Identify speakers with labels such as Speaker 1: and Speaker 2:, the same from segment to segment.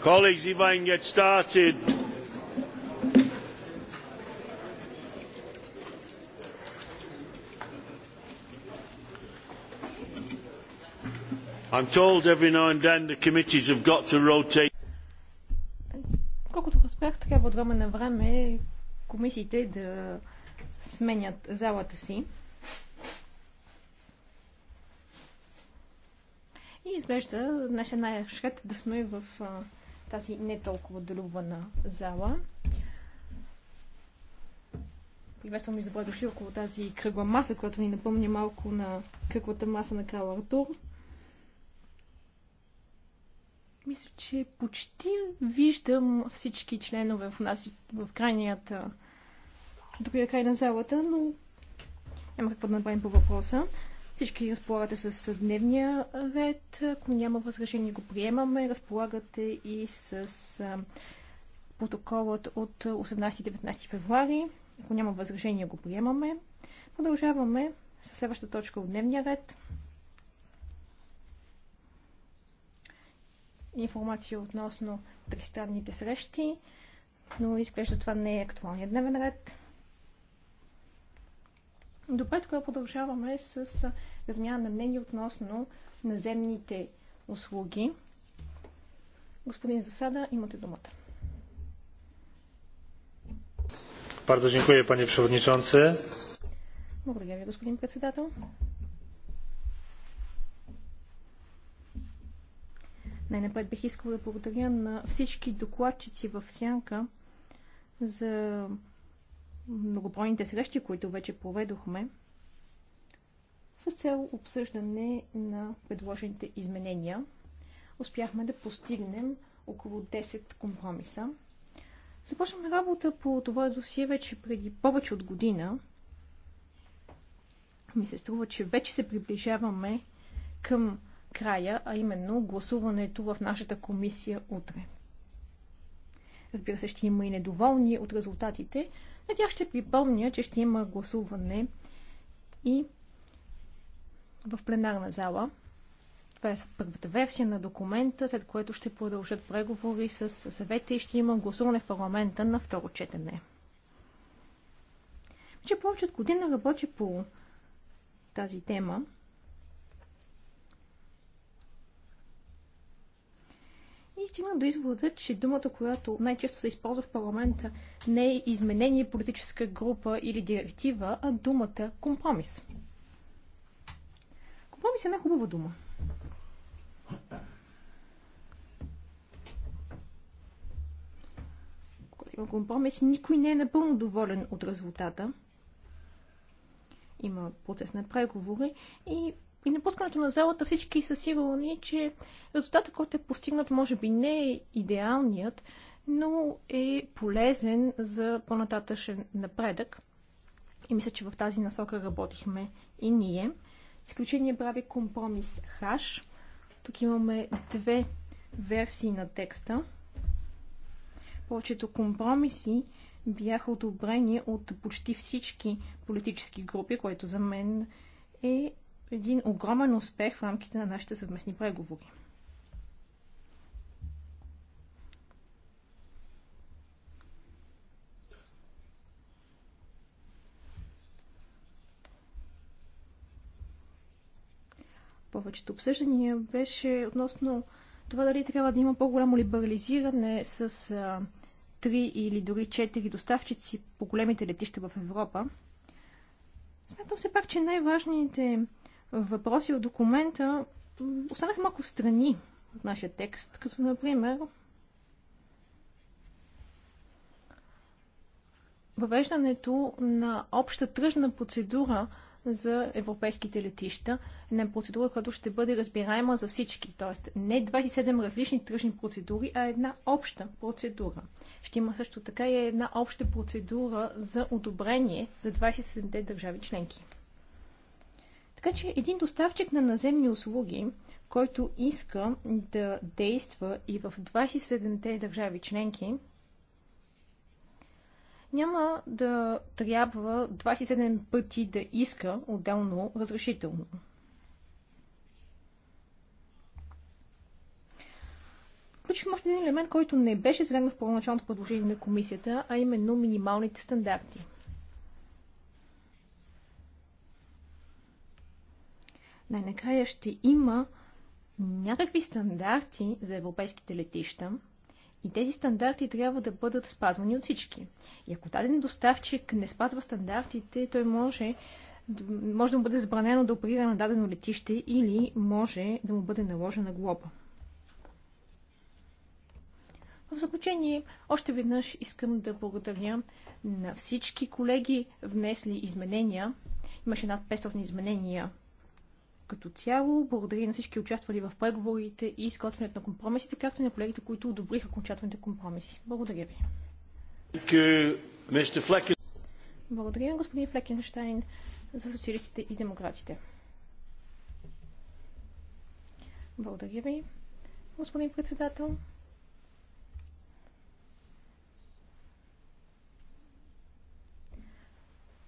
Speaker 1: Colleagues, if I can get started. I'm told every now and then the committees have got to rotate.
Speaker 2: Колкото разбрах, трябва от време на време комисиите да сменят залата си. И изглежда нашия най-шред да сме в а, тази не толкова долюбвана зала. Приветствам и забравя дошли около тази кръгла маса, която ни напомня малко на кръглата маса на крал Артур. Мисля, че почти виждам всички членове в, нас, в крайният другия е край на залата, но няма какво да направим по въпроса. Всички разполагате с дневния ред. Ако няма възражение, го приемаме. Разполагате и с протоколът от 18-19 февруари. Ако няма възражение, го приемаме. Продължаваме с следващата точка от дневния ред. Информация относно тристранните срещи, но изглежда това не е актуалният дневен ред петко я продължаваме с размяна на мнение относно наземните услуги. Господин Засада, имате думата.
Speaker 3: Bardzo dziękuję, panie przewodniczący.
Speaker 2: Благодаря ви, господин председател. Най-напред бих искал да благодаря на всички докладчици в Сянка за многобройните срещи, които вече проведохме, с цел обсъждане на предложените изменения. Успяхме да постигнем около 10 компромиса. Започнахме работа по това досие вече преди повече от година. Ми се струва, че вече се приближаваме към края, а именно гласуването в нашата комисия утре. Разбира се, ще има и недоволни от резултатите, на тях ще припомня, че ще има гласуване и в пленарна зала. Това е първата версия на документа, след което ще продължат преговори с съвета и ще има гласуване в парламента на второ четене. Вече повече от година работи по тази тема И стигна до извода, че думата, която най-често се използва в парламента, не е изменение политическа група или директива, а думата компромис. Компромис е една хубава дума. Когато има компромис, никой не е напълно доволен от резултата. Има процес на преговори и при напускането на залата всички са сигурни, че резултатът, който е постигнат, може би не е идеалният, но е полезен за по-нататъчен напредък. И мисля, че в тази насока работихме и ние. Изключение прави компромис хаш. Тук имаме две версии на текста. Повечето компромиси бяха одобрени от почти всички политически групи, което за мен е един огромен успех в рамките на нашите съвместни преговори. повечето обсъждания беше относно това дали трябва да има по-голямо либерализиране с а, 3 или дори 4 доставчици по големите летища в Европа. Смятам все пак, че най-важните въпроси от документа останах малко страни от нашия текст, като например въвеждането на обща тръжна процедура за европейските летища. Една процедура, която ще бъде разбираема за всички. Тоест не 27 различни тръжни процедури, а една обща процедура. Ще има също така и една обща процедура за одобрение за 27 държави членки. Така че един доставчик на наземни услуги, който иска да действа и в 27-те държави членки, няма да трябва 27 пъти да иска отделно разрешително. Включихме още един елемент, който не беше залегнал в първоначалното предложение на комисията, а именно минималните стандарти – най-накрая ще има някакви стандарти за европейските летища и тези стандарти трябва да бъдат спазвани от всички. И ако даден доставчик не спазва стандартите, той може, може да му бъде забранено да оперира на дадено летище или може да му бъде наложена глоба. В заключение, още веднъж искам да благодаря на всички колеги, внесли изменения. Имаше над 500 изменения като цяло. Благодаря на всички участвали в преговорите и изготвянето на компромисите, както и на колегите, които одобриха окончателните компромиси. Благодаря ви. Благодаря, господин Флекенштайн, за социалистите и демократите. Благодаря ви, господин председател.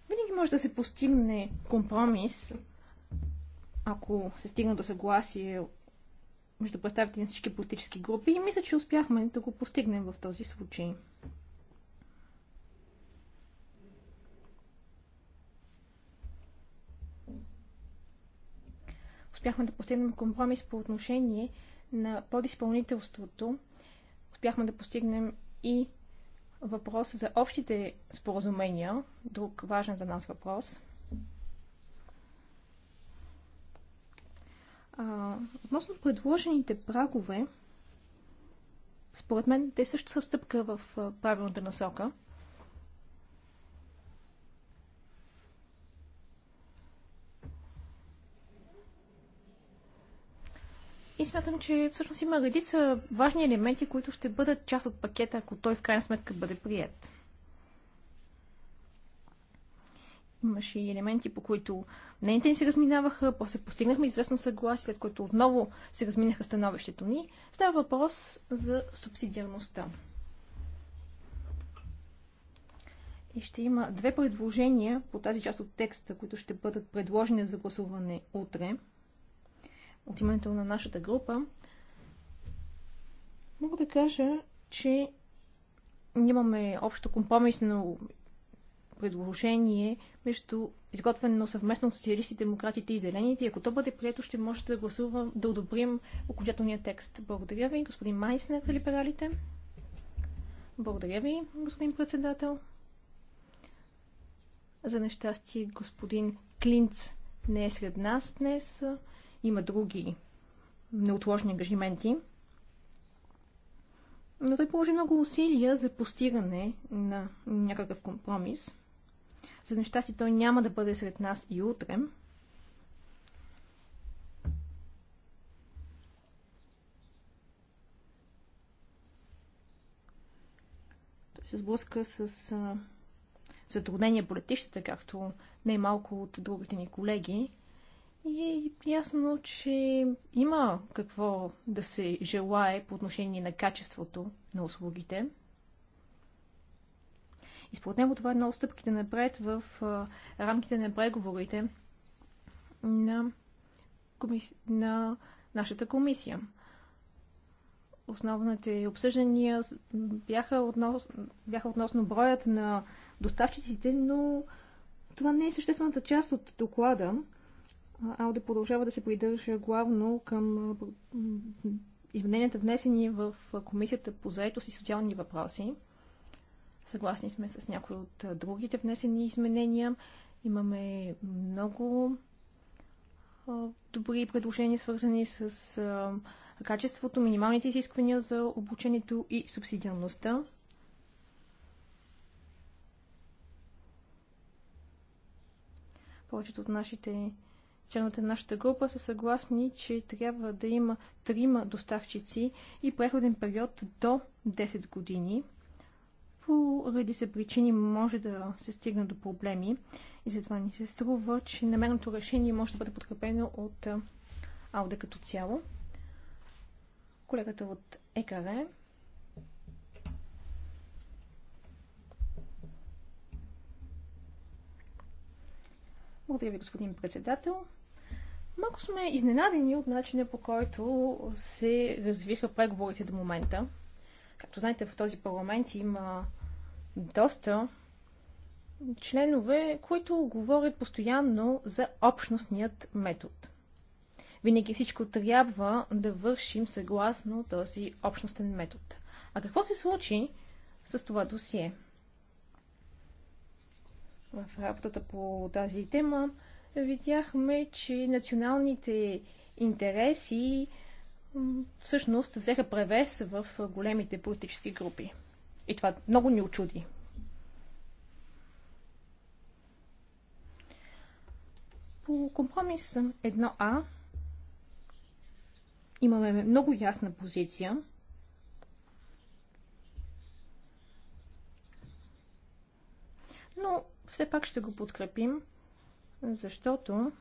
Speaker 2: Винаги може да се постигне компромис ако се стигна до съгласие между представители на всички политически групи и мисля, че успяхме да го постигнем в този случай. Успяхме да постигнем компромис по отношение на подизпълнителството. Успяхме да постигнем и въпроса за общите споразумения, друг важен за нас въпрос – А, относно предложените прагове, според мен те също са стъпка в правилната насока. И смятам, че всъщност има редица важни елементи, които ще бъдат част от пакета, ако той в крайна сметка бъде прият. Имаше и елементи, по които мнените ни се разминаваха, после постигнахме известно съгласие, след което отново се разминаха становището ни. Става въпрос за субсидиарността. И ще има две предложения по тази част от текста, които ще бъдат предложени за гласуване утре от името на нашата група. Мога да кажа, че нямаме общо компромисно предложение между изготвено съвместно от социалисти, демократите и зелените. И ако то бъде прието, ще може да гласувам, да одобрим окончателния текст. Благодаря ви, господин Майснер за либералите. Благодаря ви, господин председател. За нещастие, господин Клинц не е сред нас днес. Има други неотложни ангажименти. Но той положи много усилия за постигане на някакъв компромис. За неща си той няма да бъде сред нас и утре. Той се сблъска с а, затруднения по летищата, както най-малко от другите ни колеги. И е ясно, че има какво да се желае по отношение на качеството на услугите – и според него това е едно от стъпките напред в рамките на преговорите на, комис... на нашата комисия. Основните обсъждания бяха, относ... бяха относно броят на доставчиците, но това не е съществената част от доклада. Алде продължава да се придържа главно към измененията внесени в Комисията по заетост и социални въпроси. Съгласни сме с някои от другите внесени изменения. Имаме много добри предложения, свързани с качеството, минималните изисквания за обучението и субсидиарността. Повечето от нашите членовете на нашата група са съгласни, че трябва да има трима доставчици и преходен период до 10 години поради се причини може да се стигне до проблеми и затова ни се струва, че намерното решение може да бъде подкрепено от Ауда като цяло. Колегата от ЕКР. Благодаря ви, господин председател. Малко сме изненадени от начина по който се развиха преговорите до момента. Както знаете, в този парламент има доста членове, които говорят постоянно за общностният метод. Винаги всичко трябва да вършим съгласно този общностен метод. А какво се случи с това досие? В работата по тази тема видяхме, че националните интереси всъщност взеха превес в големите политически групи. И това много ни очуди. По компромис 1А имаме много ясна позиция. Но все пак ще го подкрепим, защото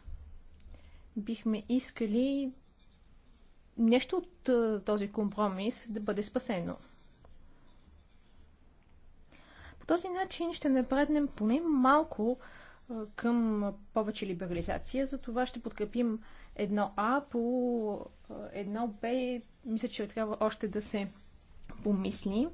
Speaker 2: бихме искали нещо от този компромис да бъде спасено този начин ще напреднем поне малко към повече либерализация. За това ще подкрепим едно А по едно Б. Мисля, че трябва още да се помисли.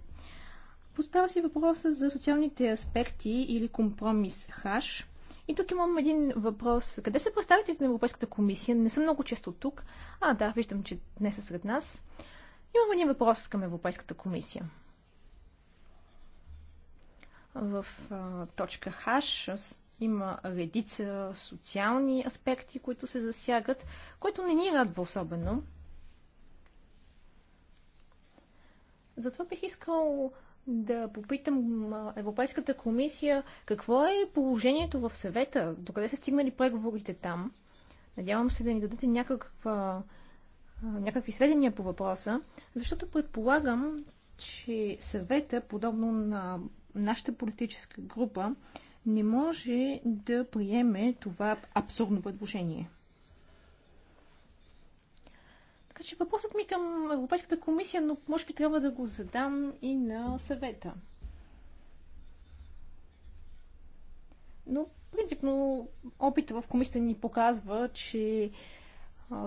Speaker 2: Поставя си въпроса за социалните аспекти или компромис ХАШ. И тук имам един въпрос. Къде са представителите на Европейската комисия? Не съм много често тук. А, да, виждам, че днес са сред нас. Имам един въпрос към Европейската комисия. В а, точка Хаш има редица социални аспекти, които се засягат, което не ни радва особено. Затова бих искал да попитам Европейската комисия какво е положението в съвета, докъде са стигнали преговорите там. Надявам се да ни дадете някаква, някакви сведения по въпроса, защото предполагам, че съвета, подобно на нашата политическа група не може да приеме това абсурдно предложение. Така че въпросът ми към Европейската комисия, но може би трябва да го задам и на съвета. Но принципно опита в комисията ни показва, че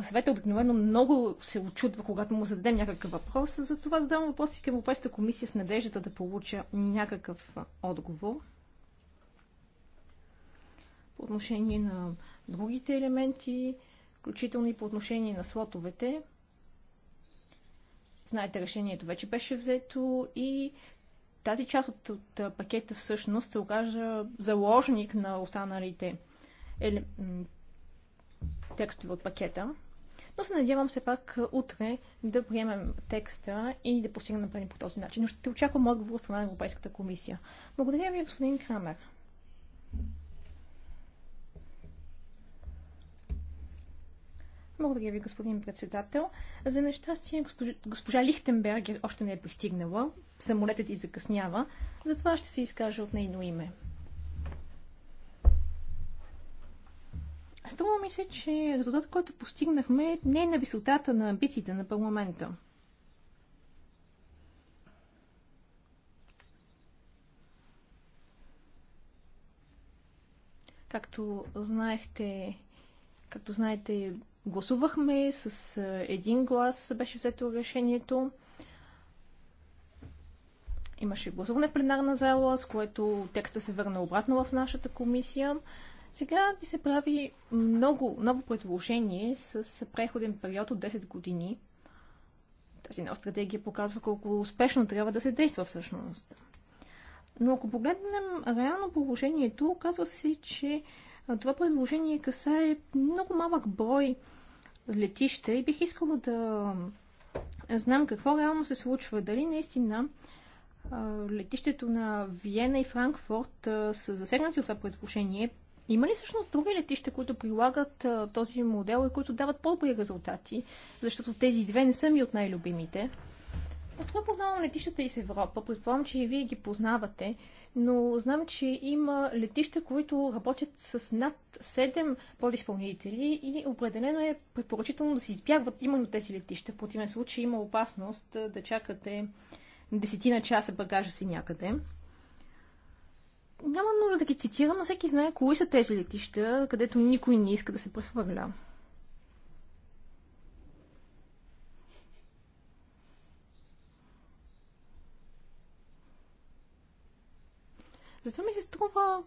Speaker 2: съвета обикновено много се очудва, когато му зададем някакъв въпрос. Затова задавам въпроси към Европейската комисия с надеждата да получа някакъв отговор. По отношение на другите елементи, включително и по отношение на слотовете. Знаете, решението вече беше взето и тази част от, от пакета всъщност се окажа заложник на останалите елементи текстове от пакета, но се надявам все пак утре да приемем текста и да постигнем напред по този начин. Но ще очаквам отговор от страна на Европейската комисия. Благодаря ви, господин Крамер. Благодаря ви, господин председател. За нещастие, госпожа, госпожа Лихтенбергер още не е пристигнала. Самолетът и закъснява. Затова ще се изкажа от нейно име. Струва ми се, че резултат, който постигнахме, не е на висотата на амбициите на парламента. Както знаехте, както знаете, гласувахме с е, един глас, беше взето решението. Имаше гласуване в пленарна зала, с което текста се върна обратно в нашата комисия. Сега ти се прави много ново предложение с преходен период от 10 години. Тази нова стратегия показва колко успешно трябва да се действа всъщност. Но ако погледнем реално положението, оказва се, че това предложение касае много малък брой летища и бих искала да знам какво реално се случва. Дали наистина летището на Виена и Франкфурт са засегнати от това предложение, има ли всъщност други летища, които прилагат а, този модел и които дават по-добри резултати? Защото тези две не са ми от най-любимите. Аз това познавам летищата из Европа. Предполагам, че и вие ги познавате. Но знам, че има летища, които работят с над 7 подиспълнители и определено е препоръчително да се избягват именно тези летища. В противен случай има опасност да чакате десетина часа багажа си някъде. Няма нужда да ги цитирам, но всеки знае кои са тези летища, където никой не иска да се прехвърля. Затова ми се струва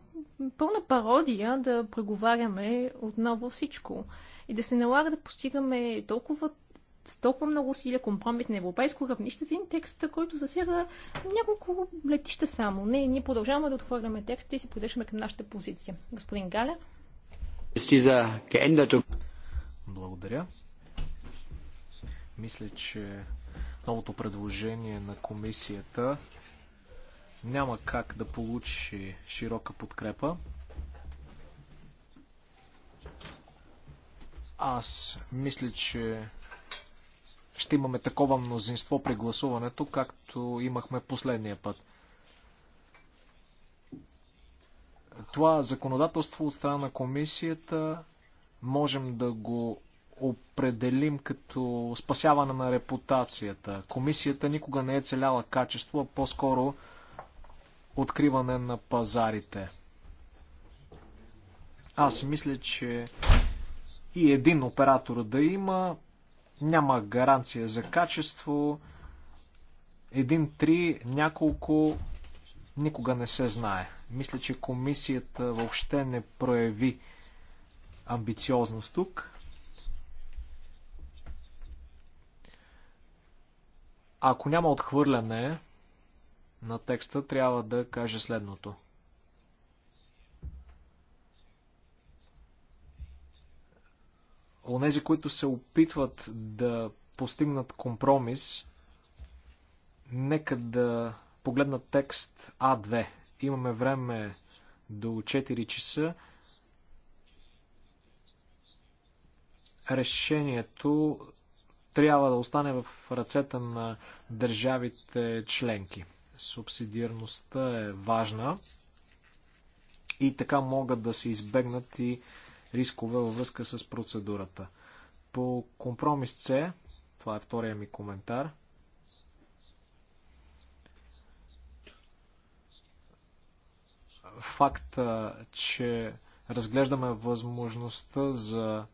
Speaker 2: пълна пародия да преговаряме отново всичко и да се налага да постигаме толкова с толкова много усилия компромис на европейско равнище за един текст, който засяга няколко летища само. Не, ние продължаваме да отхвърляме текста и се придържаме към нашата позиция. Господин Галя.
Speaker 4: Благодаря. Мисля, че новото предложение на комисията няма как да получи широка подкрепа. Аз мисля, че ще имаме такова мнозинство при гласуването, както имахме последния път. Това законодателство от страна на комисията можем да го определим като спасяване на репутацията. Комисията никога не е целяла качество, а по-скоро откриване на пазарите. Аз мисля, че и един оператор да има, няма гаранция за качество. Един-три, няколко, никога не се знае. Мисля, че комисията въобще не прояви амбициозност тук. Ако няма отхвърляне на текста, трябва да каже следното. онези, които се опитват да постигнат компромис, нека да погледнат текст А2. Имаме време до 4 часа. Решението трябва да остане в ръцете на държавите членки. Субсидиарността е важна и така могат да се избегнат и рискове във връзка с процедурата. По компромис С, това е втория ми коментар, факта, че разглеждаме възможността за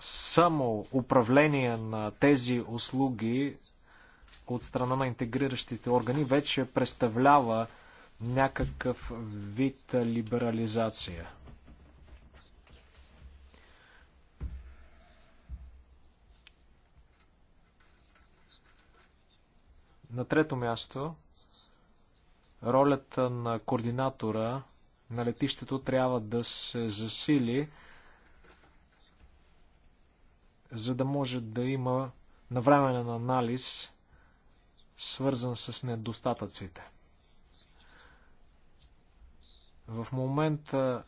Speaker 4: само управление на тези услуги от страна на интегриращите органи вече представлява някакъв вид либерализация. На трето място, ролята на координатора на летището трябва да се засили, за да може да има навременен анализ, свързан с недостатъците. В момента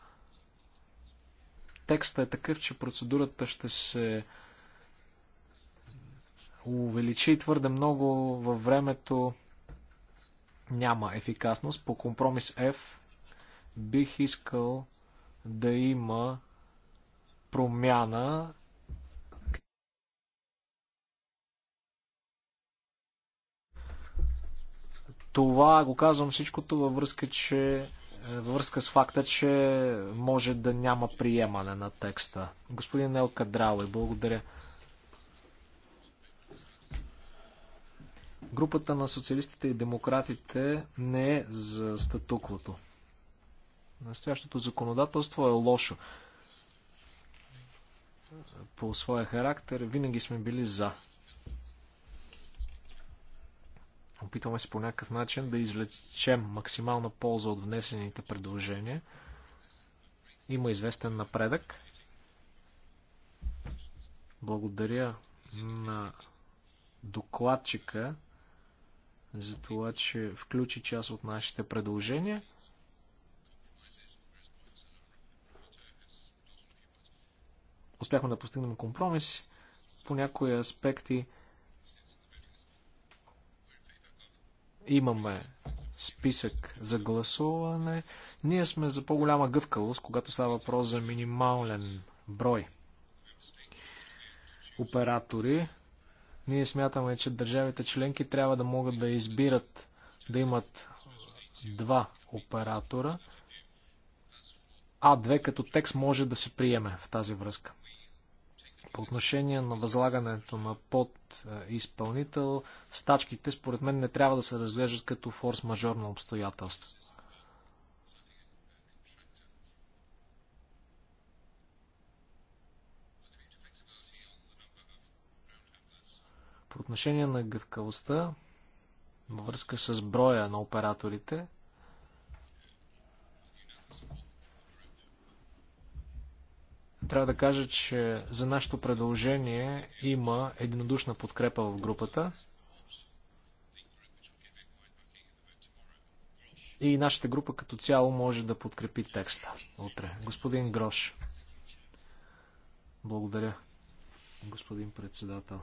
Speaker 4: текста е такъв, че процедурата ще се увеличи твърде много във времето. Няма ефикасност. По компромис F бих искал да има промяна Това го казвам всичкото във връзка, че връзка с факта, че може да няма приемане на текста. Господин Елка Драуи, благодаря. Групата на социалистите и демократите не е за статуквото. Настоящото законодателство е лошо. По своя характер винаги сме били за Опитваме се по някакъв начин да извлечем максимална полза от внесените предложения. Има известен напредък. Благодаря на докладчика за това, че включи част от нашите предложения. Успяхме да постигнем компромис по някои аспекти. имаме списък за гласуване. Ние сме за по-голяма гъвкавост, когато става въпрос за минимален брой оператори. Ние смятаме, че държавите членки трябва да могат да избират да имат два оператора. а две като текст може да се приеме в тази връзка. По отношение на възлагането на под изпълнител, стачките според мен не трябва да се разглеждат като форс-мажорно обстоятелство. По отношение на гъвкавостта, във връзка с броя на операторите – Трябва да кажа, че за нашето предложение има единодушна подкрепа в групата. И нашата група като цяло може да подкрепи текста утре. Господин Грош. Благодаря, господин председател.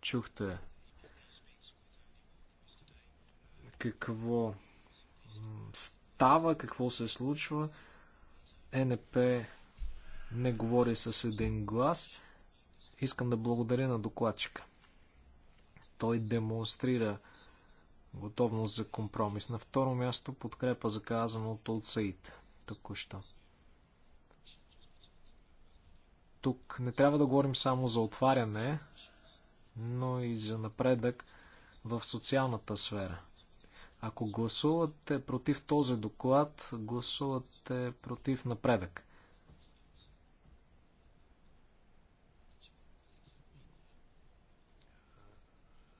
Speaker 4: Чухте какво става, какво се случва. НП не говори с един глас. Искам да благодаря на докладчика. Той демонстрира готовност за компромис. На второ място подкрепа за казаното от Саид току-що. Тук не трябва да говорим само за отваряне, но и за напредък в социалната сфера – ако гласувате против този доклад, гласувате против напредък.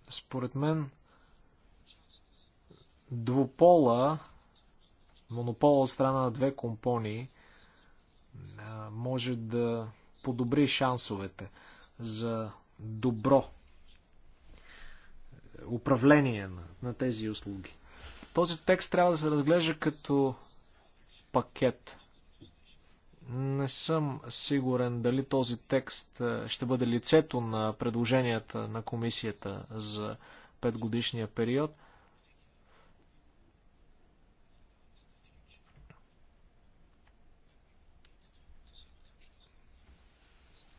Speaker 4: Според мен, двупола, монопола от страна на две компони, може да подобри шансовете за добро управление на, на тези услуги. Този текст трябва да се разглежда като пакет. Не съм сигурен дали този текст е, ще бъде лицето на предложенията на комисията за 5 годишния период.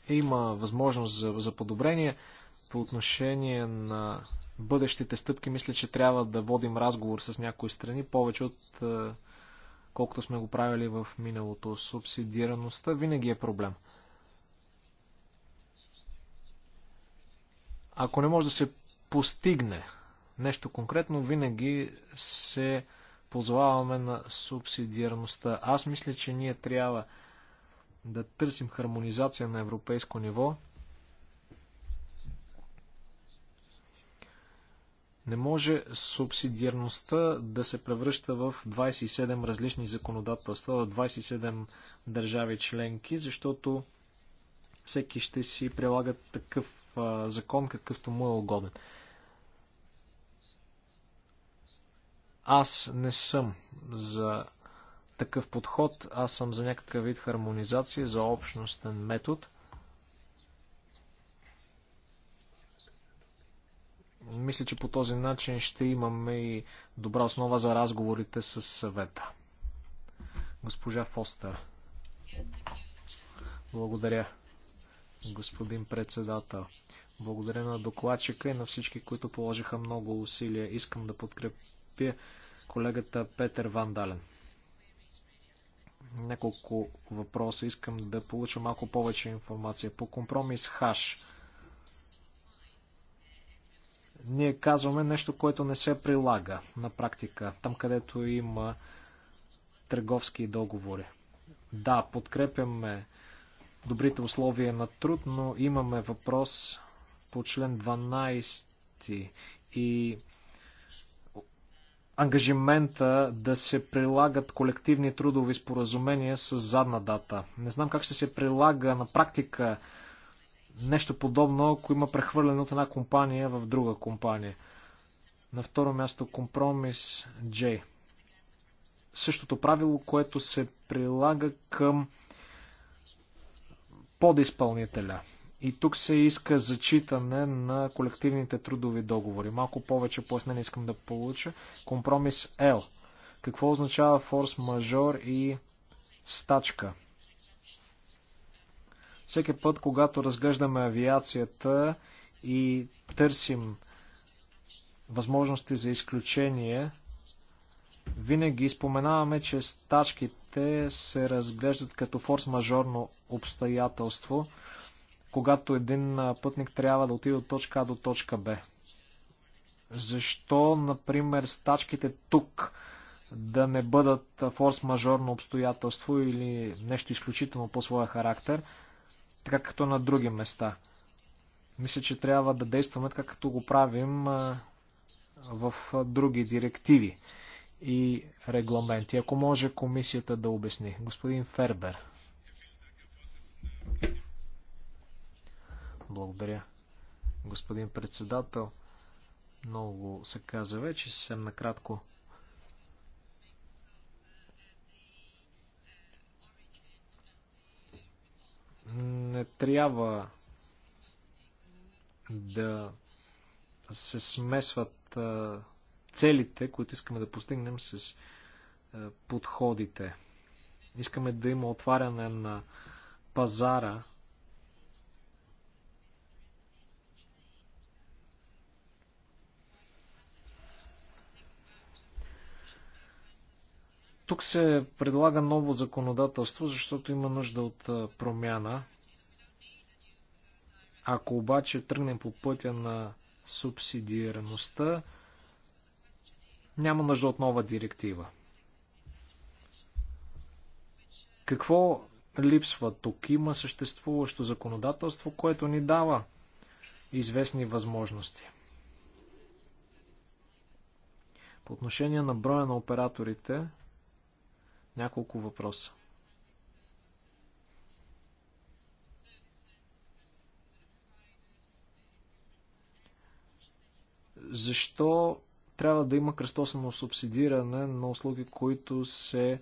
Speaker 4: Има възможност за, за подобрение по отношение на бъдещите стъпки, мисля, че трябва да водим разговор с някои страни, повече от е, колкото сме го правили в миналото. Субсидираността винаги е проблем. Ако не може да се постигне нещо конкретно, винаги се позоваваме на субсидиарността. Аз мисля, че ние трябва да търсим хармонизация на европейско ниво, Не може субсидиарността да се превръща в 27 различни законодателства, в 27 държави членки, защото всеки ще си прилага такъв закон, какъвто му е угоден. Аз не съм за такъв подход, аз съм за някакъв вид хармонизация, за общностен метод – Мисля, че по този начин ще имаме и добра основа за разговорите с съвета. Госпожа Фостер. Благодаря, господин председател. Благодаря на докладчика и на всички, които положиха много усилия. Искам да подкрепя колегата Петър Вандален. Няколко въпроса. Искам да получа малко повече информация. По компромис ХАШ ние казваме нещо, което не се прилага на практика, там където има търговски договори. Да, подкрепяме добрите условия на труд, но имаме въпрос по член 12 и ангажимента да се прилагат колективни трудови споразумения с задна дата. Не знам как ще се прилага на практика нещо подобно, ако има прехвърляне от една компания в друга компания. На второ място компромис J. Същото правило, което се прилага към подизпълнителя. И тук се иска зачитане на колективните трудови договори. Малко повече пояснение искам да получа. Компромис L. Какво означава форс-мажор и стачка? Всеки път, когато разглеждаме авиацията и търсим възможности за изключение, винаги споменаваме, че стачките се разглеждат като форс-мажорно обстоятелство, когато един пътник трябва да отиде от точка А до точка Б. Защо, например, стачките тук да не бъдат форс-мажорно обстоятелство или нещо изключително по своя характер – така както на други места. Мисля, че трябва да действаме така както го правим в други директиви и регламенти. Ако може комисията да обясни. Господин Фербер. Благодаря. Господин председател, много се каза вече, съвсем накратко. не трябва да се смесват целите, които искаме да постигнем с подходите. Искаме да има отваряне на пазара Тук се предлага ново законодателство, защото има нужда от промяна. Ако обаче тръгнем по пътя на субсидиареността, няма нужда от нова директива. Какво липсва тук? Има съществуващо законодателство, което ни дава известни възможности. По отношение на броя на операторите, няколко въпроса. Защо трябва да има кръстосано субсидиране на услуги, които се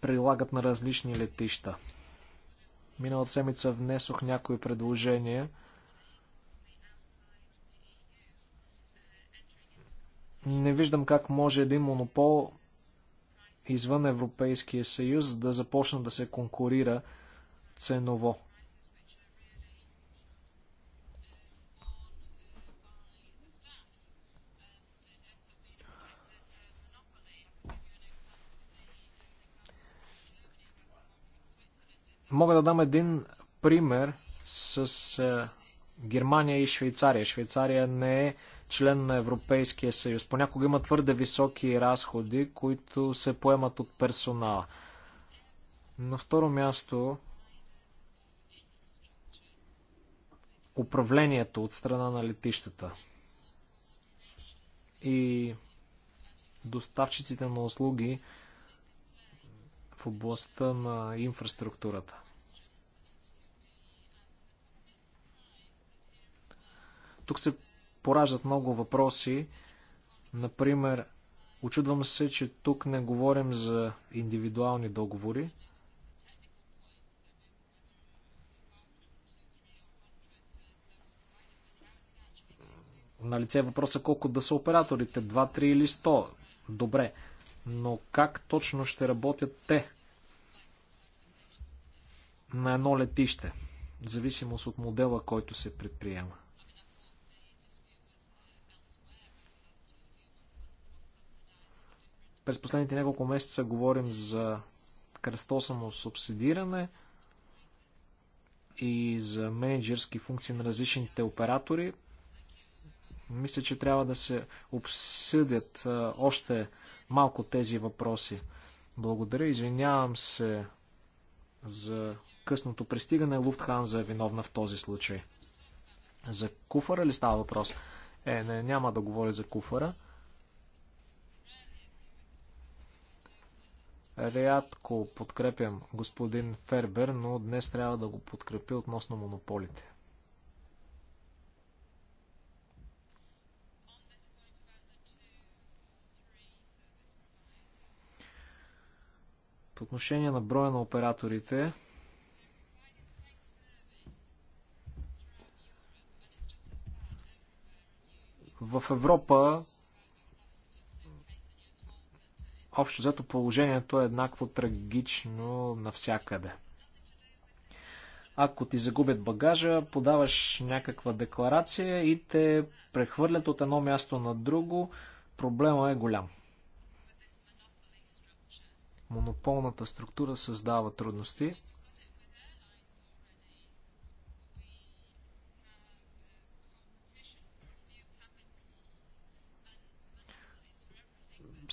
Speaker 4: прилагат на различни летища? Миналата седмица внесох някои предложения. Не виждам как може един монопол извън Европейския съюз да започна да се конкурира ценово. Мога да дам един пример с е, Германия и Швейцария. Швейцария не е член на Европейския съюз. Понякога има твърде високи разходи, които се поемат от персонала. На второ място, управлението от страна на летищата и доставчиците на услуги в областта на инфраструктурата. Тук се пораждат много въпроси. Например, очудвам се, че тук не говорим за индивидуални договори. На лице е въпроса колко да са операторите, 2, 3 или 100. Добре, но как точно ще работят те на едно летище, в зависимост от модела, който се предприема? През последните няколко месеца говорим за кръстосано субсидиране и за менеджерски функции на различните оператори. Мисля, че трябва да се обсъдят още малко тези въпроси. Благодаря, извинявам се за късното пристигане. Луфтханза е виновна в този случай. За куфара ли става въпрос? Е, не, няма да говоря за куфара. Рядко подкрепям господин Фербер, но днес трябва да го подкрепи относно монополите. По отношение на броя на операторите, в Европа Общо взето положението е еднакво трагично навсякъде. Ако ти загубят багажа, подаваш някаква декларация и те прехвърлят от едно място на друго, проблема е голям. Монополната структура създава трудности.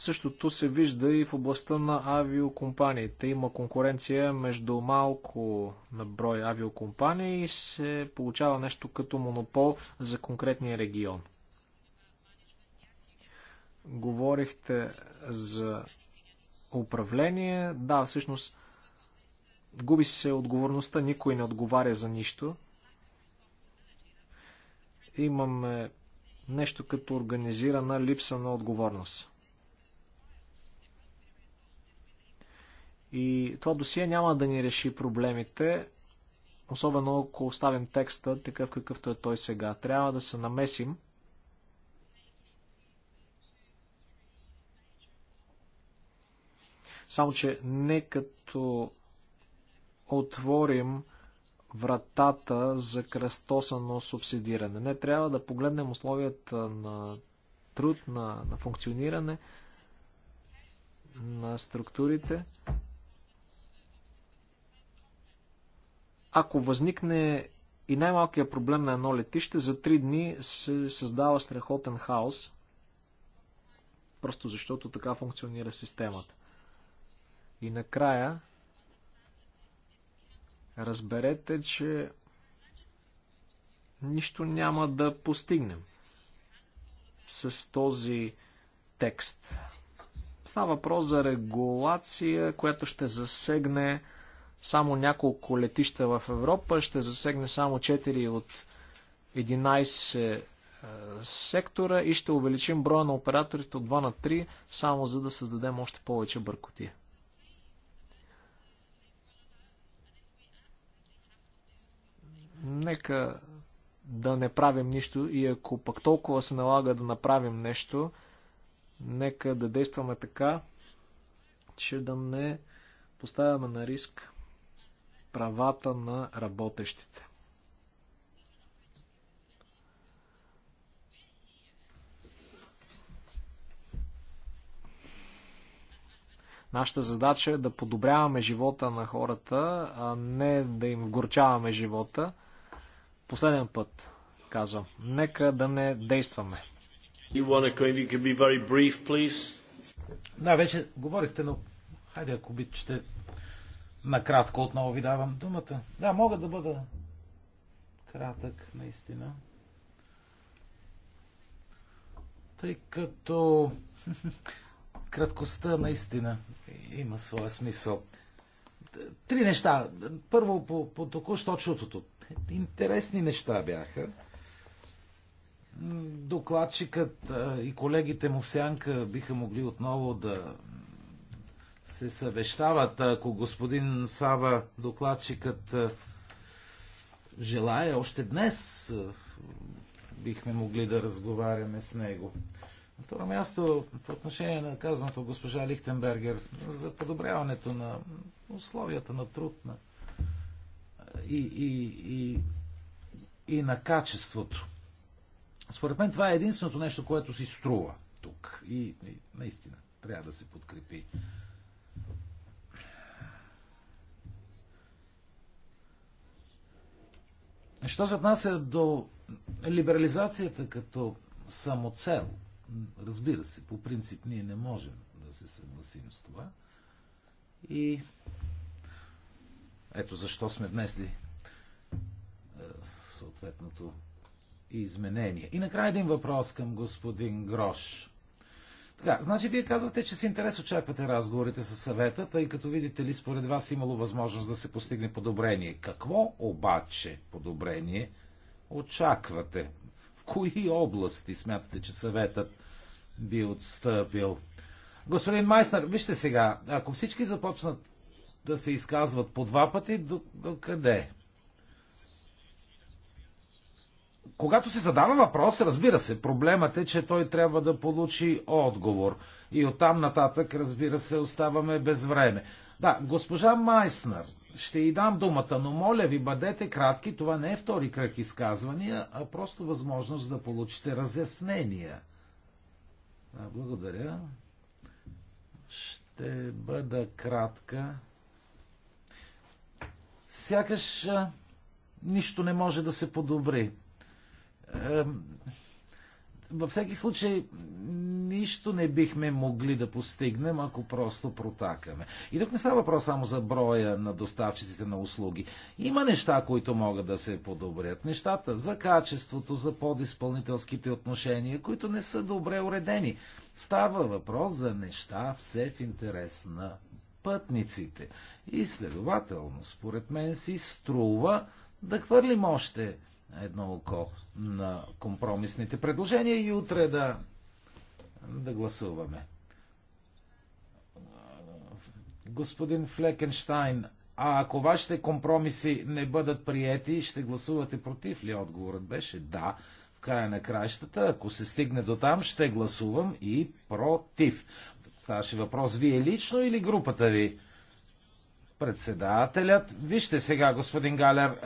Speaker 4: Същото се вижда и в областта на авиокомпаниите. Има конкуренция между малко на брой авиокомпании и се получава нещо като монопол за конкретния регион. Говорихте за управление. Да, всъщност губи се отговорността, никой не отговаря за нищо. Имаме нещо като организирана липса на отговорност. И това досие няма да ни реши проблемите, особено ако оставим текста такъв какъвто е той сега. Трябва да се намесим. Само, че не като отворим вратата за кръстосано субсидиране. Не трябва да погледнем условията на труд, на, на функциониране, на структурите. Ако възникне и най-малкият проблем на едно летище, за три дни се създава страхотен хаос, просто защото така функционира системата. И накрая, разберете, че нищо няма да постигнем с този текст. Става въпрос за регулация, която ще засегне само няколко летища в Европа, ще засегне само 4 от 11 е, сектора и ще увеличим броя на операторите от 2 на 3, само за да създадем още повече бъркоти. Нека да не правим нищо и ако пък толкова се налага да направим нещо, нека да действаме така, че да не поставяме на риск правата на работещите. Нашата задача е да подобряваме живота на хората, а не да им вгорчаваме живота. Последен път казвам. Нека да не действаме. Най-вече говорихте, но
Speaker 3: хайде ако обичате Накратко отново ви давам думата. Да, мога да бъда кратък, наистина. Тъй като краткостта наистина има своя смисъл. Три неща. Първо по, по току-що чутото. Интересни неща бяха. Докладчикът и колегите му в сянка биха могли отново да се съвещават. Ако господин Сава, докладчикът, е, желая още днес, е, бихме могли да разговаряме с него. На второ място, по отношение на казаното госпожа Лихтенбергер, за подобряването на условията на труд на... И, и, и, и на качеството. Според мен това е единственото нещо, което си струва тук. И, и наистина трябва да се подкрепи Що се отнася до либерализацията като самоцел, разбира се, по принцип ние не можем да се съгласим с това. И ето защо сме внесли е, съответното изменение. И накрая един въпрос към господин Грош. Да, значи вие казвате, че с интерес очаквате разговорите с съвета, тъй като видите ли според вас имало възможност да се постигне подобрение. Какво обаче подобрение очаквате? В кои области смятате, че съветът би отстъпил? Господин Майснер, вижте сега, ако всички започнат да се изказват по два пъти, до, до къде? когато се задава въпрос, разбира се, проблемът е, че той трябва да получи отговор. И оттам нататък, разбира се, оставаме без време. Да, госпожа Майснер, ще й дам думата, но моля ви, бъдете кратки, това не е втори кръг изказвания, а просто възможност да получите разяснения. Да, благодаря. Ще бъда кратка. Сякаш нищо не може да се подобри. Във всеки случай, нищо не бихме могли да постигнем, ако просто протакаме. И тук не става въпрос само за броя на доставчиците на услуги. Има неща, които могат да се подобрят. Нещата за качеството, за подизпълнителските отношения, които не са добре уредени. Става въпрос за неща все в интерес на пътниците. И следователно, според мен си струва да хвърлим още едно око на компромисните предложения и утре да, да гласуваме. Господин Флекенштайн, а ако вашите компромиси не бъдат приети, ще гласувате против ли? Отговорът беше да. В края на краищата, ако се стигне до там, ще гласувам и против. Ставаше въпрос вие лично или групата ви? Председателят. Вижте сега, господин Галер,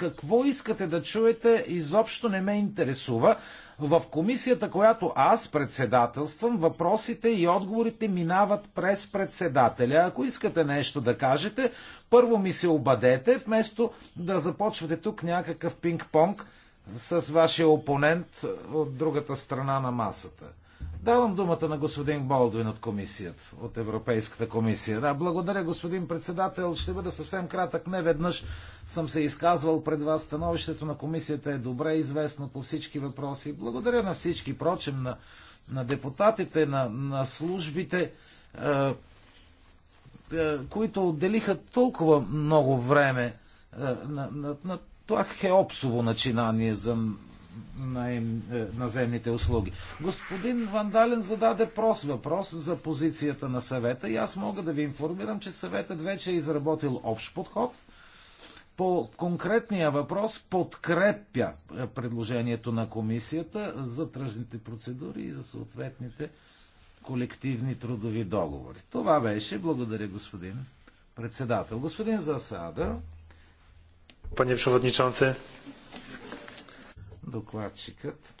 Speaker 3: какво искате да чуете, изобщо не ме интересува. В комисията, която аз председателствам, въпросите и отговорите минават през председателя. Ако искате нещо да кажете, първо ми се обадете, вместо да започвате тук някакъв пинг-понг с вашия опонент от другата страна на масата. Давам думата на господин Болдвин от комисията, от Европейската комисия. Да, благодаря, господин председател. Ще бъда съвсем кратък. Не веднъж съм се изказвал пред вас. Становището на комисията е добре известно по всички въпроси. Благодаря на всички, прочим, на, на депутатите, на, на службите, е, е, които отделиха толкова много време е, на, на, на това хеопсово начинание за наем, наземните услуги. Господин Вандален зададе прост въпрос за позицията на съвета и аз мога да ви информирам, че съветът вече е изработил общ подход. По конкретния въпрос подкрепя е, предложението на комисията за тръжните процедури и за съответните колективни трудови договори. Това беше. Благодаря, господин председател. Господин Засада. Panie Przewodniczący, докладчикът.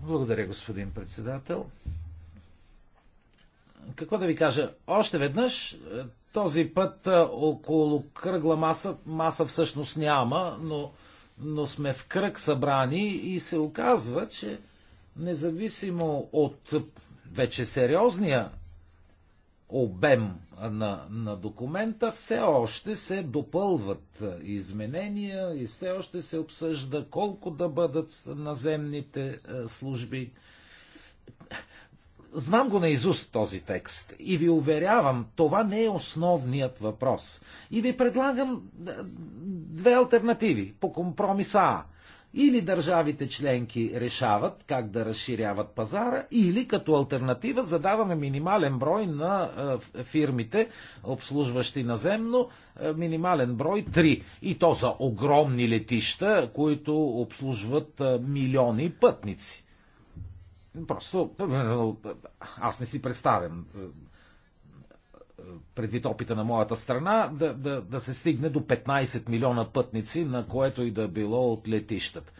Speaker 3: Благодаря, господин председател. Какво да ви кажа? Още веднъж, този път около кръгла маса, маса всъщност няма, но, но сме в кръг събрани и се оказва, че независимо от вече сериозния обем на, на документа все още се допълват е, изменения и все още се обсъжда колко да бъдат наземните е, служби. Знам го наизуст този текст и ви уверявам, това не е основният въпрос. И ви предлагам е, две альтернативи по компромиса А. Или държавите членки решават как да разширяват пазара, или като альтернатива задаваме минимален брой на е, фирмите, обслужващи наземно, е, минимален брой 3. И то са огромни летища, които обслужват е, милиони пътници. Просто аз не си представям предвид опита на моята страна, да, да, да се стигне до 15 милиона пътници, на което и да било от летищата.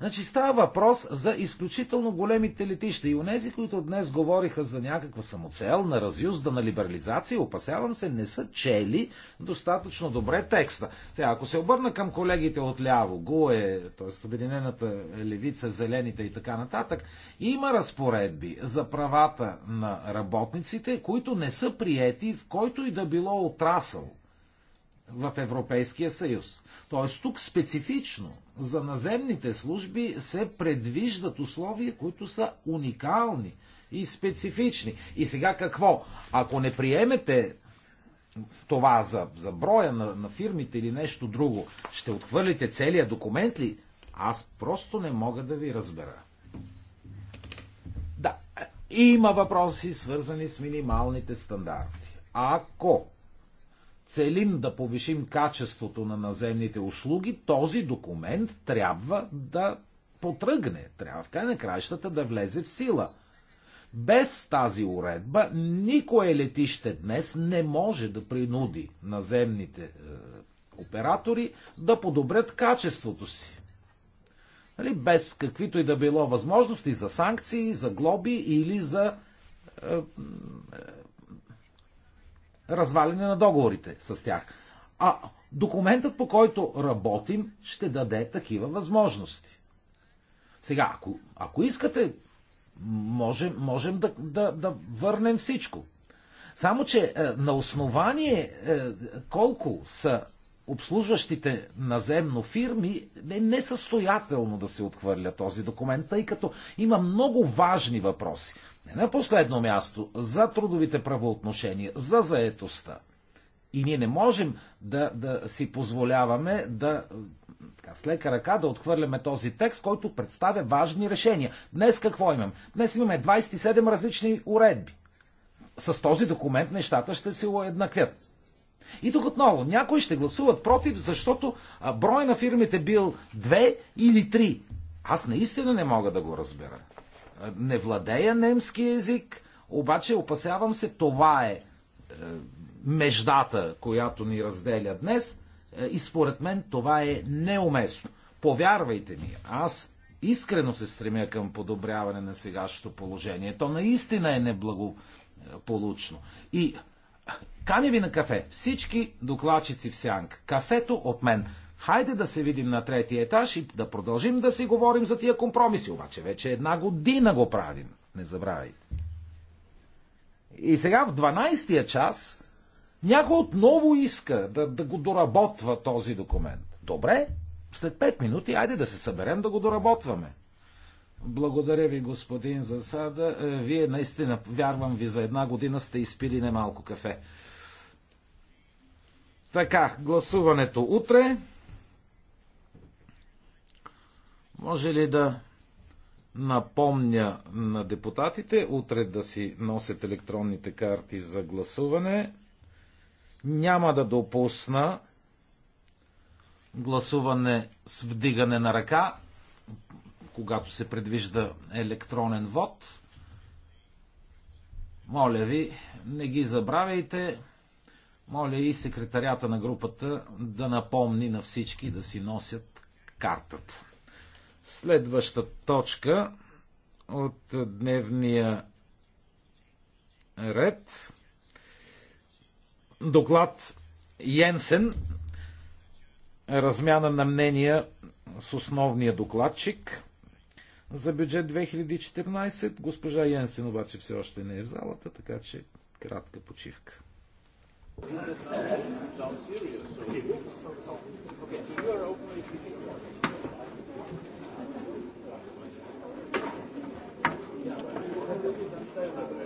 Speaker 3: Значи става въпрос за изключително големите летища и онези, които днес говориха за някаква самоцел на разюзда на либерализация, опасявам се, не са чели достатъчно добре текста. Сега, ако се обърна към колегите от ляво, ГУЕ, т.е. Обединената левица, зелените и така нататък, има разпоредби за правата на работниците, които не са приети в който и да било отрасъл в Европейския съюз. Т.е. тук специфично за наземните служби се предвиждат условия, които са уникални и специфични. И сега какво? Ако не приемете това за, за броя на, на фирмите или нещо друго, ще отхвърлите целия документ ли? Аз просто не мога да ви разбера. Да, има въпроси свързани с минималните стандарти. Ако целим да повишим качеството на наземните услуги, този документ трябва да потръгне, трябва в край на краищата да влезе в сила. Без тази уредба никое летище днес не може да принуди наземните е, оператори да подобрят качеството си. Нали? Без каквито и да било възможности за санкции, за глоби или за е, е разваляне на договорите с тях. А документът, по който работим, ще даде такива възможности. Сега, ако, ако искате, можем, можем да, да, да върнем всичко. Само, че е, на основание е, колко са обслужващите наземно фирми е несъстоятелно да се отхвърля този документ, тъй като има много важни въпроси. Не на последно място, за трудовите правоотношения, за заетостта. И ние не можем да, да си позволяваме да така, с лека ръка да отхвърляме този текст, който представя важни решения. Днес какво имам? Днес имаме 27 различни уредби. С този документ нещата ще се уеднаквят. И тук отново, някои ще гласуват против, защото брой на фирмите бил 2 или 3. Аз наистина не мога да го разбера. Не владея немски език, обаче опасявам се, това е, е междата, която ни разделя днес. Е, и според мен това е неуместно. Повярвайте ми, аз искрено се стремя към подобряване на сегашното положение. То наистина е неблагополучно. И Кани ви на кафе. Всички докладчици в сянк. Кафето от мен. Хайде да се видим на третия етаж и да продължим да си говорим за тия компромиси. Обаче вече една година го правим. Не забравяйте. И сега в 12 тия час някой отново иска да, да го доработва този документ. Добре, след 5 минути, айде да се съберем да го доработваме. Благодаря ви, господин Засада. Е, вие наистина, вярвам ви, за една година сте изпили немалко кафе. Така, гласуването утре. Може ли да напомня на депутатите утре да си носят електронните карти за гласуване? Няма да допусна гласуване с вдигане на ръка когато се предвижда електронен вод. Моля ви, не ги забравяйте. Моля и секретарята на групата да напомни на всички да си носят картата. Следваща точка от дневния ред. Доклад Йенсен. Размяна на мнения с основния докладчик за бюджет 2014. Госпожа Янсен обаче все още не е в залата, така че кратка почивка. Thank you.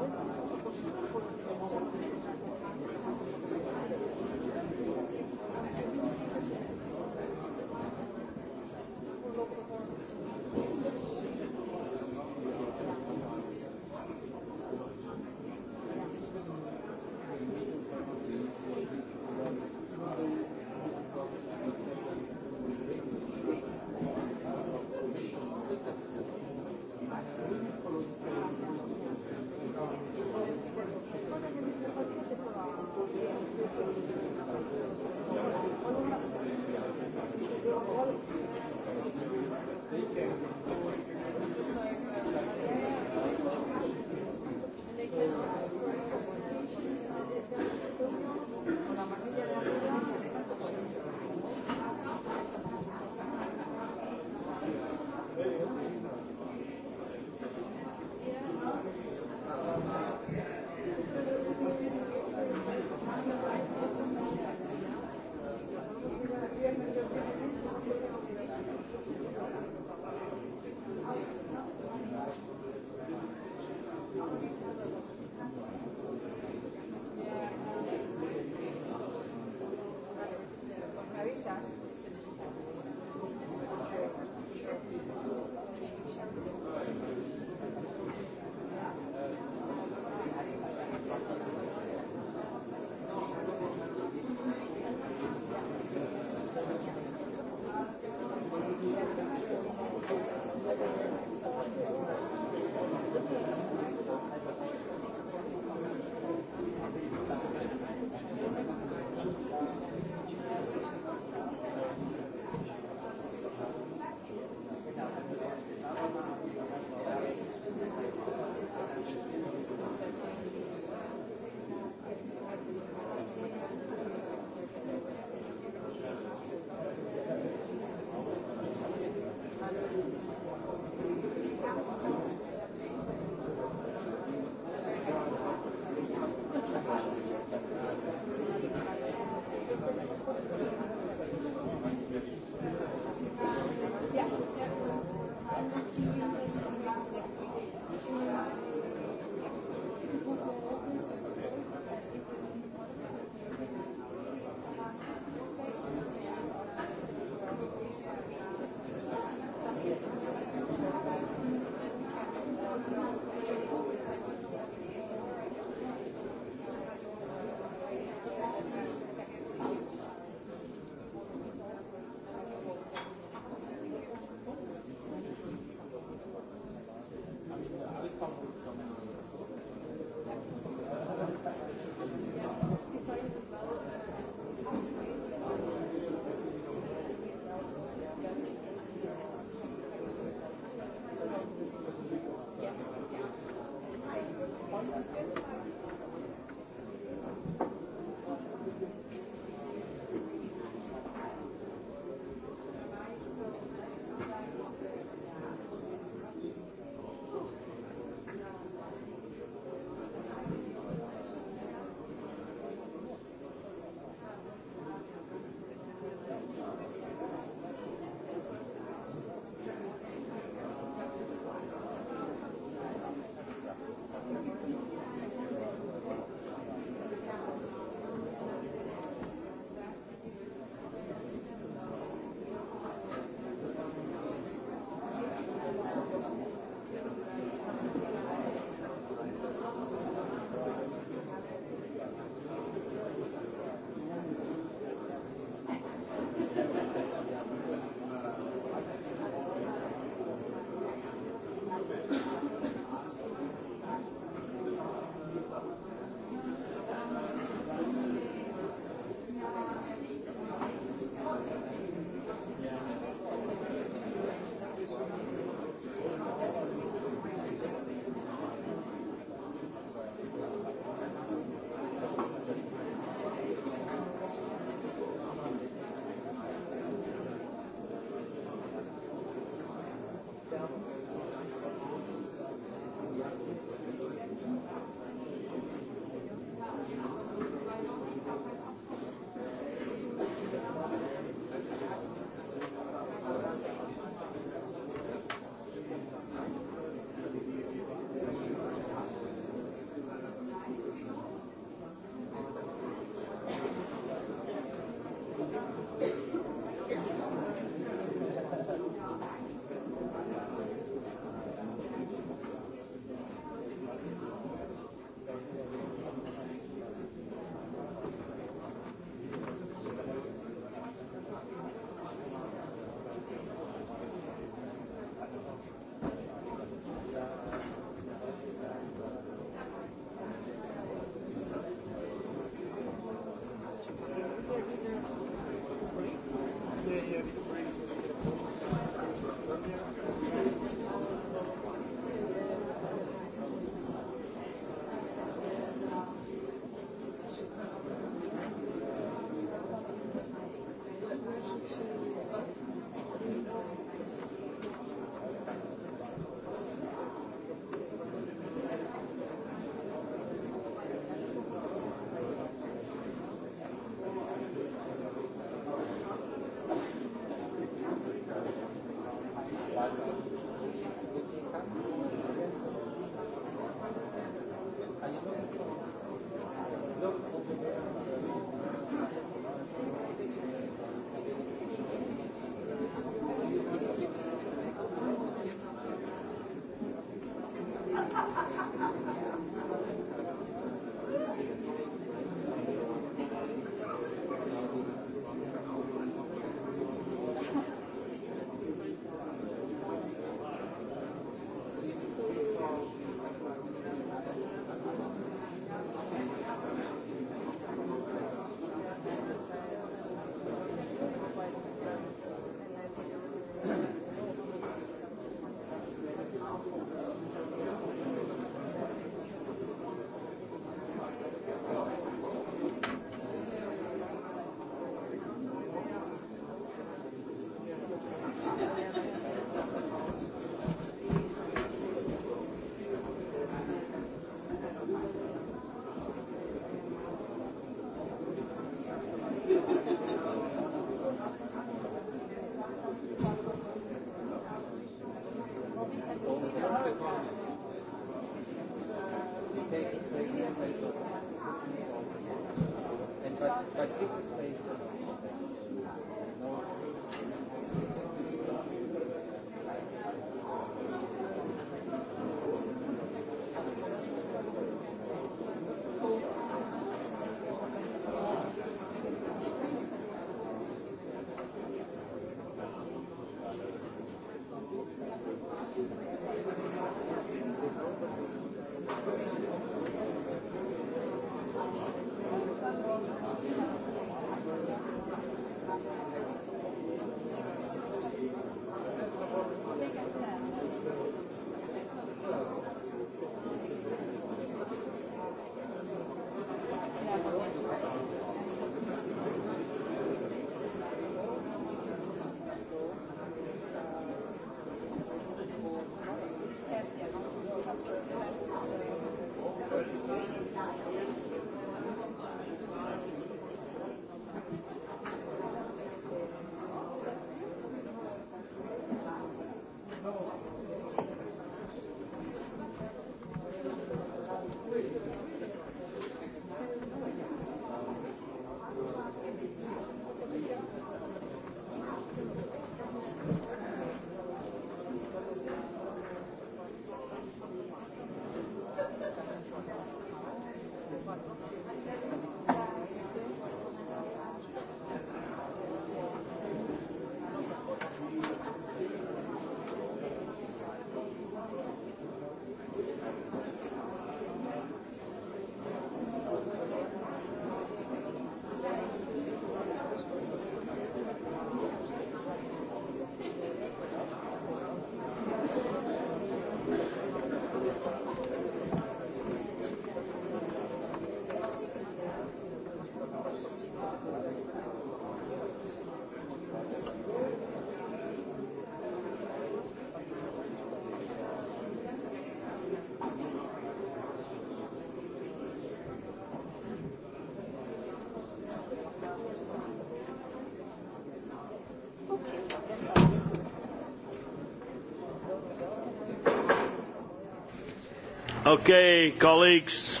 Speaker 3: Okay, colleagues.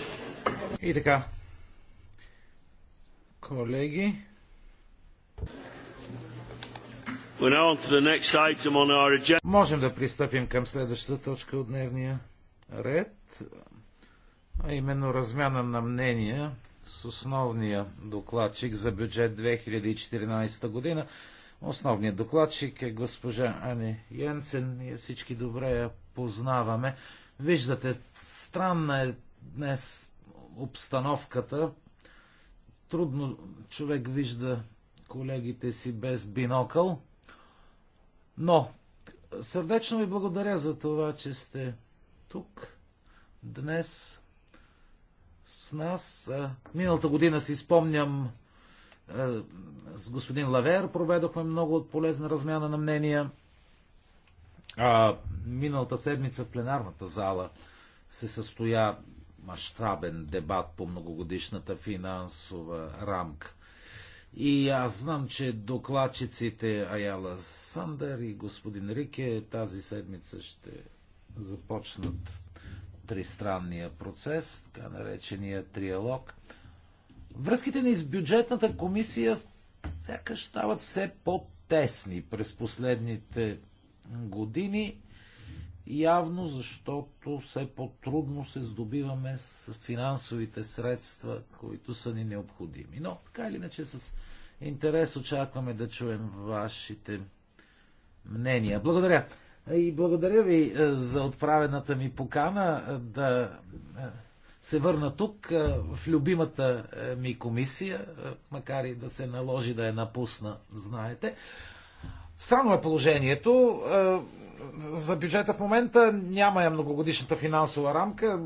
Speaker 3: И така. Колеги. Можем да пристъпим към следващата точка от дневния ред, а именно размяна на мнения с основния докладчик за бюджет 2014 година. Основният докладчик е госпожа Ани Янсен. Ние всички добре я познаваме. Виждате, странна е днес обстановката. Трудно човек вижда колегите си без бинокъл. Но сърдечно ви благодаря за това, че сте тук днес с нас. Миналата година си спомням с господин Лавер проведохме много полезна размяна на мнения. А, миналата седмица в пленарната зала се състоя мащабен дебат по многогодишната финансова рамка. И аз знам, че докладчиците Аяла Сандър и господин Рике тази седмица ще започнат тристранния процес, така наречения триалог. Връзките ни с бюджетната комисия сякаш стават все по-тесни през последните години, явно защото все по-трудно се здобиваме с финансовите средства, които са ни необходими. Но така или иначе с интерес очакваме да чуем вашите мнения. Благодаря. И благодаря ви е, за отправената ми покана е, да е, се върна тук в любимата ми комисия, макар и да се наложи да я напусна, знаете. Странно е положението. Е, за бюджета в момента няма я многогодишната финансова рамка,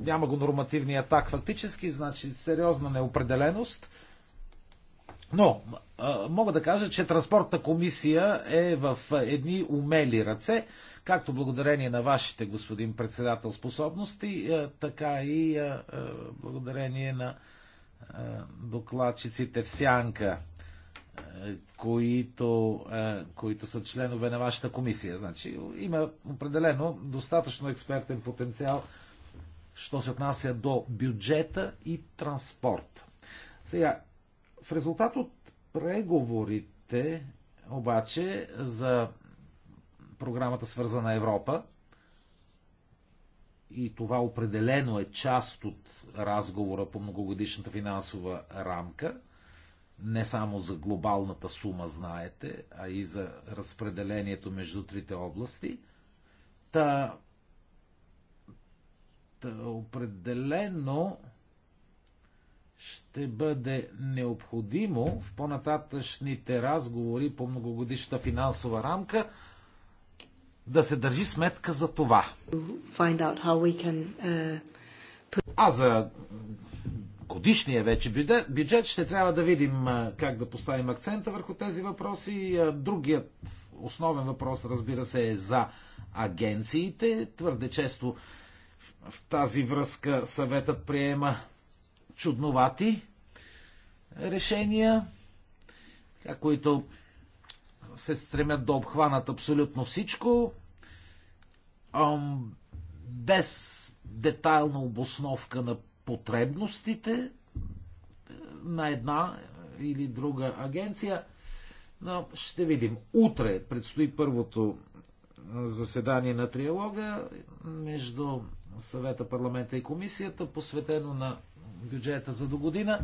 Speaker 3: няма го нормативния атак фактически, значи сериозна неопределеност. Но е, мога да кажа, че транспортна комисия е в едни умели ръце, както благодарение на вашите, господин председател, способности, е, така и благодарение на докладчиците в сянка които, е, които са членове на вашата комисия. Значи, има определено достатъчно експертен потенциал, що се отнася до бюджета и транспорт. Сега, в резултат от преговорите, обаче, за програмата Свързана Европа, и това определено е част от разговора по многогодишната финансова рамка – не само за глобалната сума, знаете, а и за разпределението между трите области. Та, та определено ще бъде необходимо в по-нататъчните разговори по многогодишната финансова рамка да се държи сметка за това.
Speaker 1: Can, uh...
Speaker 3: А за годишния вече бюджет ще трябва да видим как да поставим акцента върху тези въпроси. Другият основен въпрос, разбира се, е за агенциите. Твърде често в тази връзка съветът приема чудновати решения, които се стремят да обхванат абсолютно всичко, без детайлна обосновка на потребностите е, на една или друга агенция. Но ще видим. Утре предстои първото е, заседание на триалога между съвета, парламента и комисията, посветено на бюджета за до година.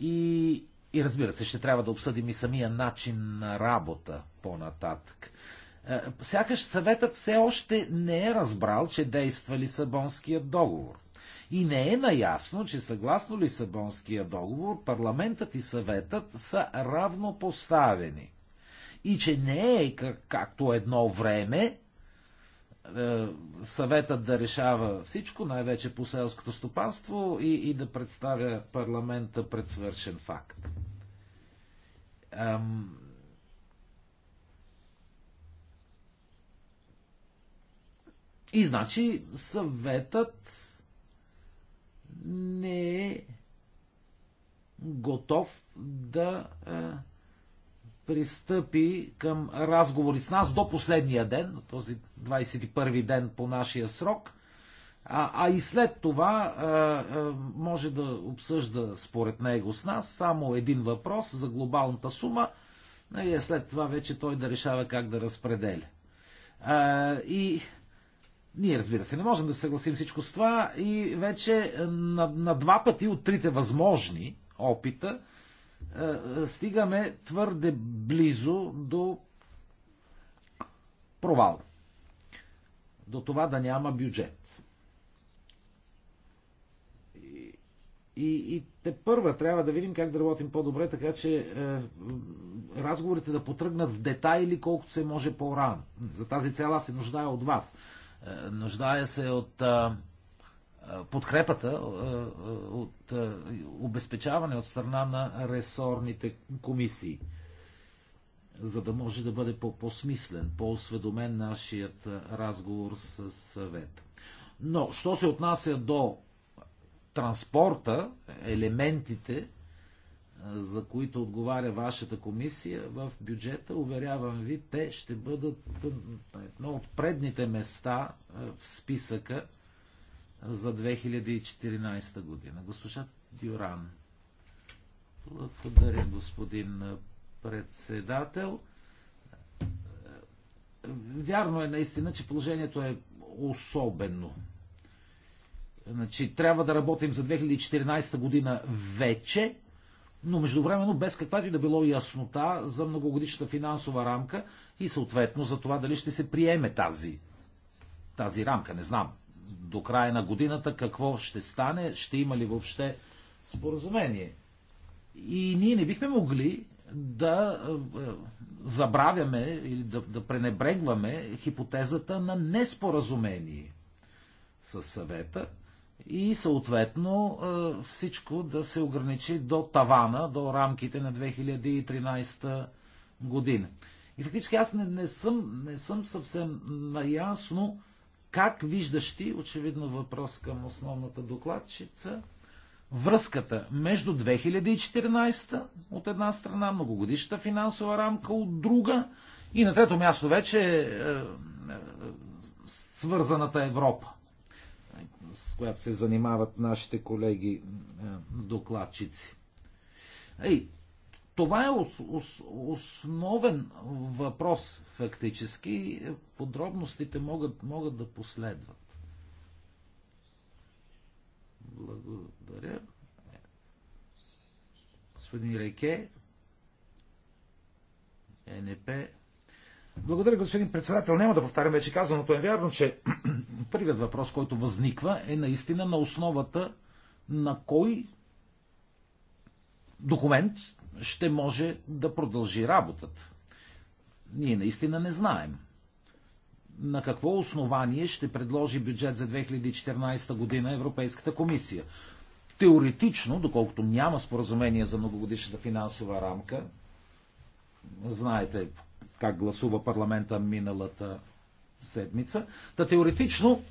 Speaker 3: И, и разбира се, ще трябва да обсъдим и самия начин на работа по-нататък. Е, сякаш съветът все още не е разбрал, че действа Лисабонският договор – и не е наясно, че съгласно Лисабонския договор парламентът и съветът са равнопоставени. И че не е как, както едно време е, съветът да решава всичко, най-вече по селското стопанство и, и да представя парламента пред свършен факт. Ам... И значи съветът не е готов да пристъпи към разговори с нас до последния ден, този 21 ден по нашия срок, а, а и след това е, е, може да обсъжда според него с нас само един въпрос за глобалната сума, и нали, след това вече той да решава как да разпределя. Е, и ние, разбира се, не можем да съгласим всичко с това и вече е, на, на два пъти от трите възможни опита е, е, стигаме твърде близо до провал. До това да няма бюджет. И, и, и те първа трябва да видим как да работим по-добре, така че е, разговорите да потръгнат в детайли колкото се може по-рано. За тази цяла се нуждая от вас е, нуждае се от подкрепата, е, е, от обезпечаване от страна на ресорните комисии, за да може да бъде по-посмислен, по-осведомен нашият разговор с съвет. Но, що се отнася до транспорта, елементите, за които отговаря вашата комисия в бюджета, уверявам ви, те ще бъдат едно от предните места е, в списъка за 2014 година. Госпожа Дюран. Благодаря, господин председател. Вярно е наистина, че положението е особено. Значи, трябва да работим за 2014 година вече, но междувременно без каквато и да било яснота за многогодишната финансова рамка и съответно за това дали ще се приеме тази, тази рамка. Не знам до края на годината какво ще стане, ще има ли въобще споразумение. И ние не бихме могли да е, е, забравяме или да, да пренебрегваме хипотезата на неспоразумение с съвета – и съответно е, всичко да се ограничи до тавана, до рамките на 2013 година. И фактически аз не, не, съм, не съм съвсем наясно как виждащи, очевидно въпрос към основната докладчица, връзката между 2014 от една страна, многогодишната финансова рамка от друга и на трето място вече е, е, свързаната Европа с която се занимават нашите колеги е, докладчици. Ей, това е ос, ос, основен въпрос фактически. Подробностите могат, могат да последват. Благодаря. Господин Реке, е НП. Благодаря, господин председател. Няма да повтарям вече казаното. Е вярно, че първият въпрос, който възниква, е наистина на основата на кой документ ще може да продължи работата. Ние наистина не знаем на какво основание ще предложи бюджет за 2014 година Европейската комисия. Теоретично, доколкото няма споразумение за многогодишната финансова рамка, знаете как гласува парламента миналата седмица. Та теоретично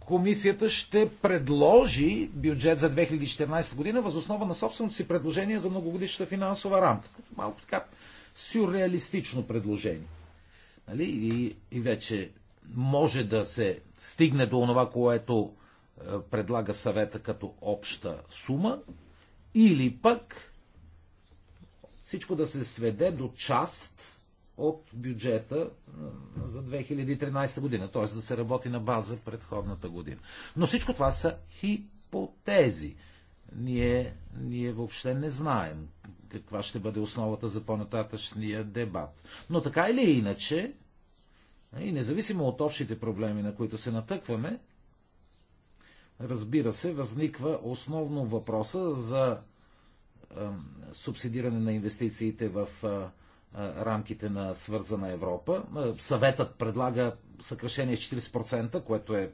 Speaker 3: комисията ще предложи бюджет за 2014 година възоснова на собственото си предложение за многогодишната финансова рамка. Малко така сюрреалистично предложение. Нали? И, и вече може да се стигне до това, което е, предлага съвета като обща сума, или пък всичко да се сведе до част от бюджета за 2013 година, т.е. да се работи на база предходната година. Но всичко това са хипотези. Ние, ние въобще не знаем каква ще бъде основата за по-нататъчния дебат. Но така или иначе, и независимо от общите проблеми, на които се натъкваме, разбира се, възниква основно въпроса за субсидиране на инвестициите в рамките на свързана Европа. Съветът предлага съкрешение с 40%, което е,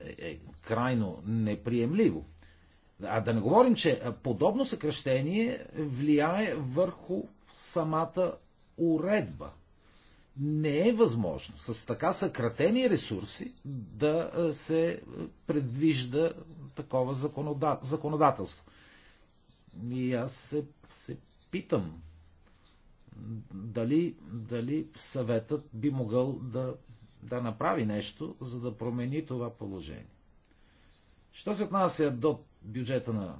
Speaker 3: е, е крайно неприемливо. А да не говорим, че подобно съкрещение влияе върху самата уредба. Не е възможно с така съкратени ресурси да се предвижда такова законодателство. И аз се, се питам дали, дали съветът би могъл да, да направи нещо, за да промени това положение. Що се отнася до бюджета на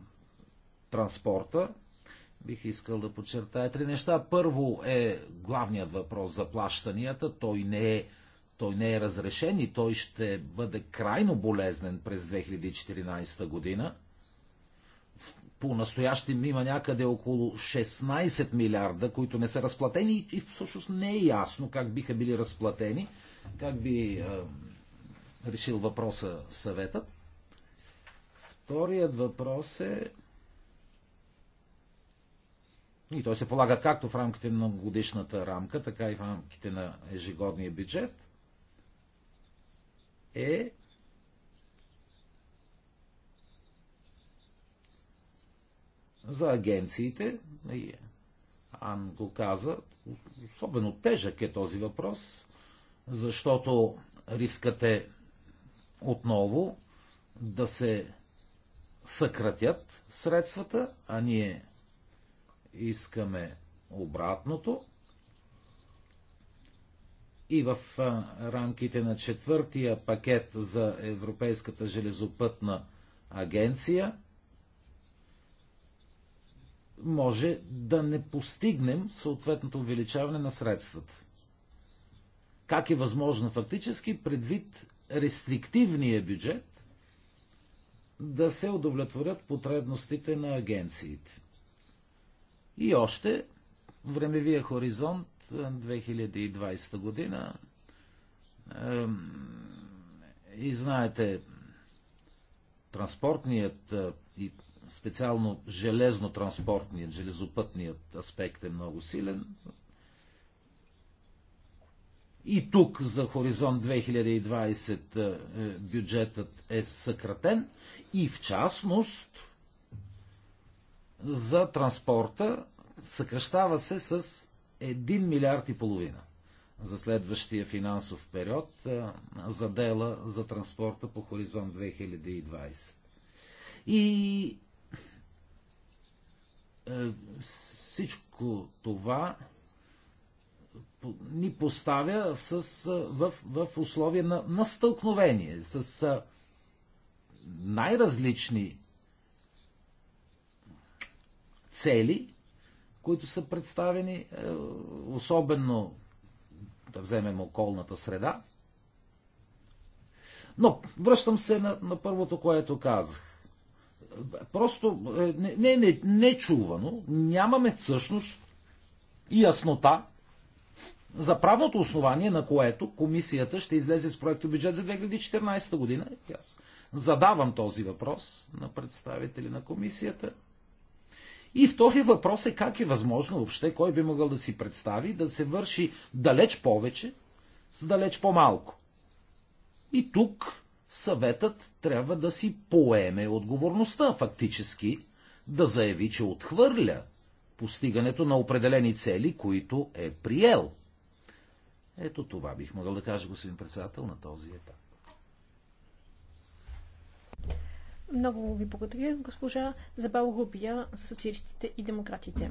Speaker 3: транспорта, бих искал да подчертая три неща. Първо е главният въпрос за плащанията. Той не е, той не е разрешен и той ще бъде крайно болезнен през 2014 година – по-настоящем има някъде около 16 милиарда, които не са разплатени и всъщност не е ясно как биха били разплатени, как би е, решил въпроса съветът. Вторият въпрос е и той се полага както в рамките на годишната рамка, така и в рамките на ежегодния бюджет, е за агенциите, и Ан го каза, особено тежък е този въпрос, защото рискът е отново да се съкратят средствата, а ние искаме обратното. И в рамките на четвъртия пакет за Европейската железопътна агенция – може да не постигнем съответното увеличаване на средствата. Как е възможно фактически предвид рестриктивния бюджет да се удовлетворят потребностите на агенциите? И още времевия хоризонт 2020 е, година. И знаете, транспортният е, и специално железно-транспортният, железопътният аспект е много силен. И тук за Хоризонт 2020 е, е, бюджетът е съкратен и в частност за транспорта съкръщава се с 1 милиард и половина за следващия финансов период е, за дела за транспорта по Хоризонт 2020. И е, всичко това ни поставя в, с, е, в, в условия на, на стълкновение с е, най-различни цели, които са представени, особено да вземем околната среда. Но връщам се на, на първото, което казах просто е, не, не, не, чувано, Нямаме всъщност и яснота за правното основание, на което комисията ще излезе с проекто бюджет за 2014 година. И аз задавам този въпрос на представители на комисията. И втори въпрос е как е възможно въобще, кой би могъл да си представи да се върши далеч повече с далеч по-малко. И тук съветът трябва да си поеме отговорността, фактически да заяви, че отхвърля постигането на определени цели, които е приел. Ето това бих могъл да кажа, господин председател, на този етап.
Speaker 2: Много ви благодаря, госпожа Забал Губия за социалистите и демократите.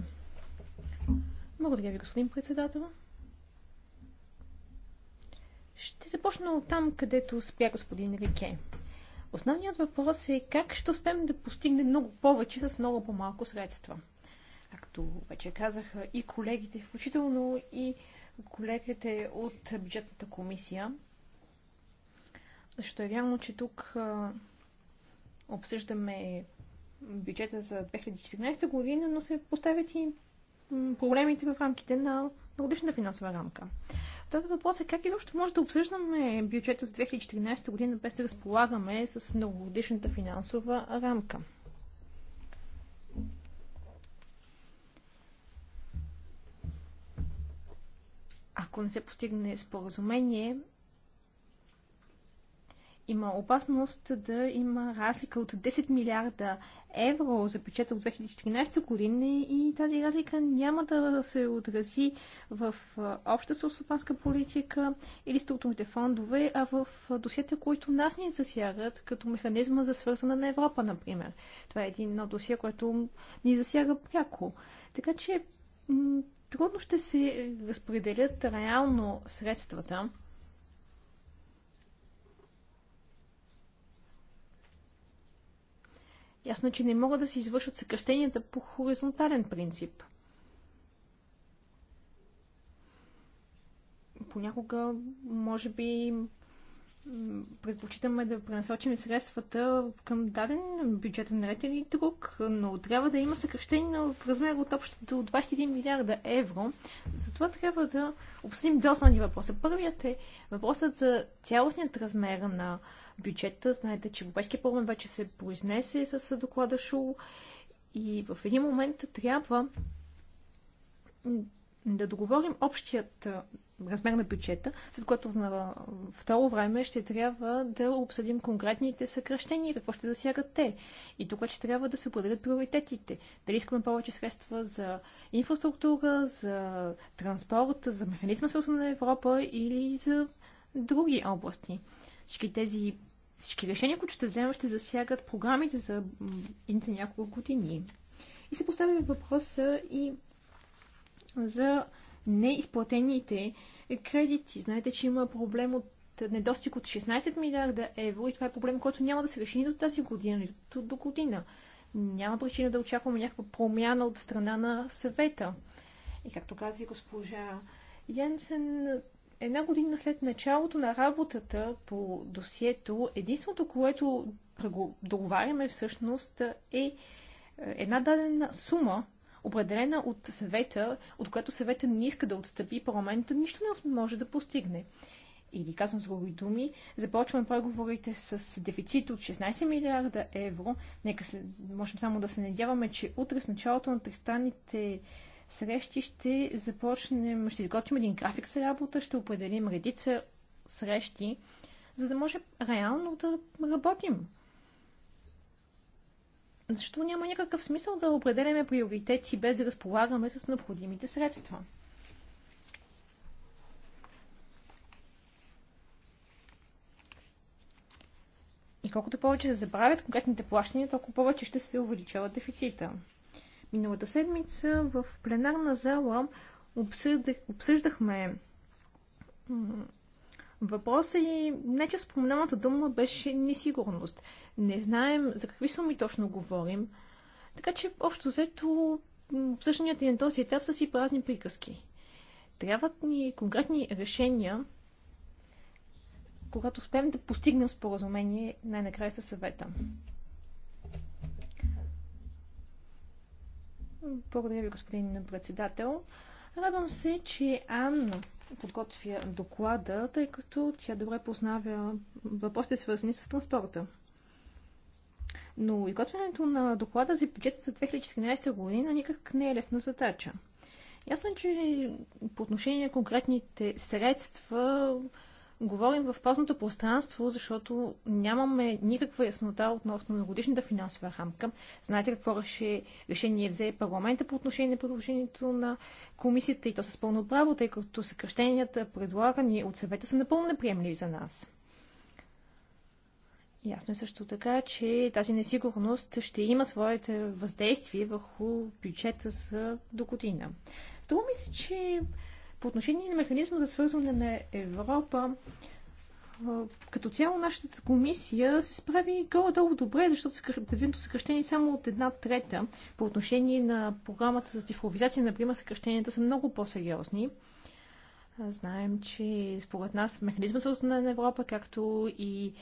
Speaker 2: Благодаря ви, господин председател. Ще започна от там, където спя господин Рике. Основният въпрос е как ще успеем да постигнем много повече с много по-малко средства. Както вече казаха и колегите, включително и колегите от бюджетната комисия, защото е вярно, че тук обсъждаме бюджета за 2014 година, но се поставят и проблемите в рамките на годишната финансова рамка. Този въпрос е как изобщо може да обсъждаме бюджета за 2014 година без да разполагаме с многогодишната финансова рамка. Ако не се постигне споразумение, има опасност да има разлика от 10 милиарда евро за бюджета от 2014 година и тази разлика няма да се отрази в обща селсопанска политика или структурните фондове, а в досията, които нас ни засягат, като механизма за свързана на Европа, например. Това е един едно досие, което ни засяга пряко. Така че трудно ще се разпределят реално средствата Ясно, че не могат да се извършват съкръщенията по хоризонтален принцип. Понякога, може би, предпочитаме да пренасочим средствата към даден бюджетен ред или друг, но трябва да има съкръщение в размер от общо до 21 милиарда евро. Затова трябва да обсъдим две основни въпроса. Първият е въпросът за цялостният размер на бюджета. Знаете, че Европейския парламент вече се произнесе с доклада ШУ и в един момент трябва да договорим общият размер на бюджета, след което на второ време ще трябва да обсъдим конкретните съкръщения, какво ще засягат те. И тук ще трябва да се определят приоритетите. Дали искаме повече средства за инфраструктура, за транспорт, за механизма свързан на Европа или за други области. Всички тези всички решения, които ще вземем, ще засягат програмите за няколко години. И се поставя въпроса и за неизплатените кредити. Знаете, че има проблем от недостиг от 16 милиарда евро и това е проблем, който няма да се реши ни до тази година, нито до година. Няма причина да очакваме някаква промяна от страна на съвета. И както каза госпожа Янсен, една година след началото на работата по досието, единственото, което договаряме всъщност е една дадена сума определена от съвета, от която съвета не иска да отстъпи парламента, нищо не може да постигне. Или казвам с други думи, започваме преговорите с дефицит от 16 милиарда евро. Нека се, можем само да се надяваме, че утре с началото на тристанните срещи ще започнем, ще изготвим един график за работа, ще определим редица срещи, за да може реално да работим. Защо няма никакъв смисъл да определяме приоритети без да разполагаме с необходимите средства? И колкото повече се забравят конкретните плащания, толкова повече ще се увеличава дефицита. Миналата седмица в пленарна зала обсъждахме Въпросът и не че споменалната дума беше несигурност. Не знаем за какви суми точно говорим, така че общо взето всъщност и на този етап са си празни приказки. Трябват ни конкретни решения, когато успеем да постигнем споразумение най-накрая със съвета. Благодаря ви, господин председател. Радвам се, че Анна подготвя доклада, тъй като тя добре познава въпросите свързани с транспорта. Но изготвянето на доклада за бюджета за 2014 година никак не е лесна задача. Ясно е, че по отношение на конкретните средства говорим в познато пространство, защото нямаме никаква яснота относно многодишната финансова рамка. Знаете какво решение взе парламента по отношение на предложението на комисията и то с пълно право, тъй като съкръщенията, предлагани от съвета, са напълно неприемливи за нас. Ясно е също така, че тази несигурност ще има своите въздействия върху бюджета за до година. това мисля, че по отношение на механизма за свързване на Европа, като цяло нашата комисия се справи горе-долу добре, защото са предвидното съкръщение е само от една трета. По отношение на програмата за цифровизация, например, съкръщенията са много по-сериозни. Знаем, че според нас механизма за на Европа, както и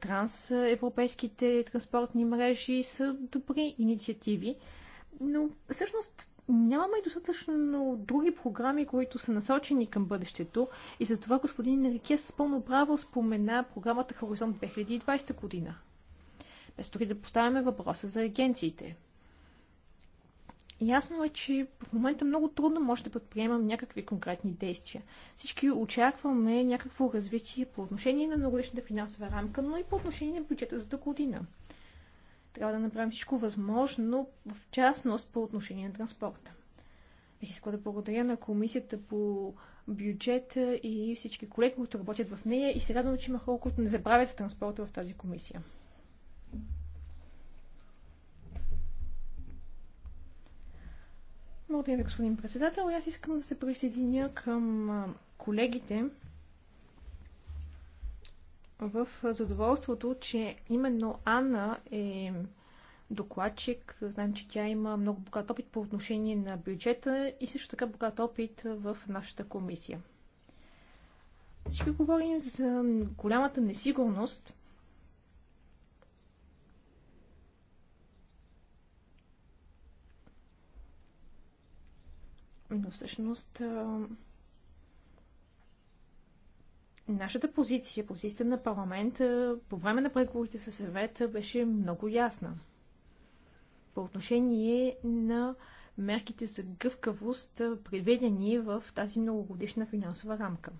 Speaker 2: трансевропейските транспортни мрежи са добри инициативи. Но всъщност нямаме и достатъчно други програми, които са насочени към бъдещето и за това господин Рике с пълно право спомена програмата Хоризонт 2020 година. Без дори да поставяме въпроса за агенциите. Ясно е, че в момента много трудно може да предприемам някакви конкретни действия. Всички очакваме някакво развитие по отношение на многодишната финансова рамка, но и по отношение на бюджета за година. Трябва да направим всичко възможно, в частност по отношение на транспорта. Бих искала да благодаря на комисията по бюджета и всички колеги, които работят в нея и се радвам, че има хора, които не забравят транспорта в тази комисия. Благодаря ви, господин председател. Аз искам да се присъединя към колегите, в задоволството, че именно Анна е докладчик. Знаем, че тя има много богат опит по отношение на бюджета и също така богат опит в нашата комисия. Ще говорим за голямата несигурност. Но всъщност Нашата позиция, позицията на парламента е, по време на преговорите със съвета беше много ясна. По отношение на мерките за гъвкавост, е, приведени в тази многогодишна финансова рамка.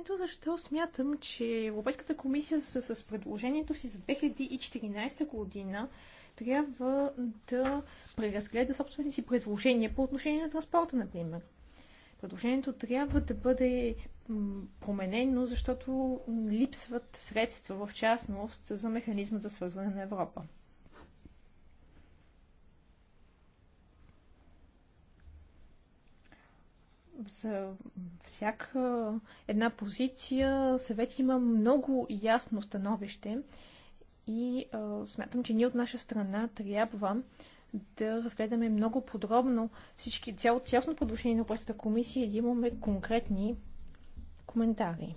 Speaker 2: Ето защо смятам, че Европейската комисия с, с предложението си за 2014 година трябва да преразгледа собствените си предложения по отношение на транспорта, например. Предложението трябва да бъде променено, защото липсват средства, в частност, за механизма за свързване на Европа. за всяка една позиция съвет има много ясно становище и а, смятам, че ние от наша страна трябва да разгледаме много подробно всички цялото цялостно подложение на областната комисия и да имаме конкретни коментари.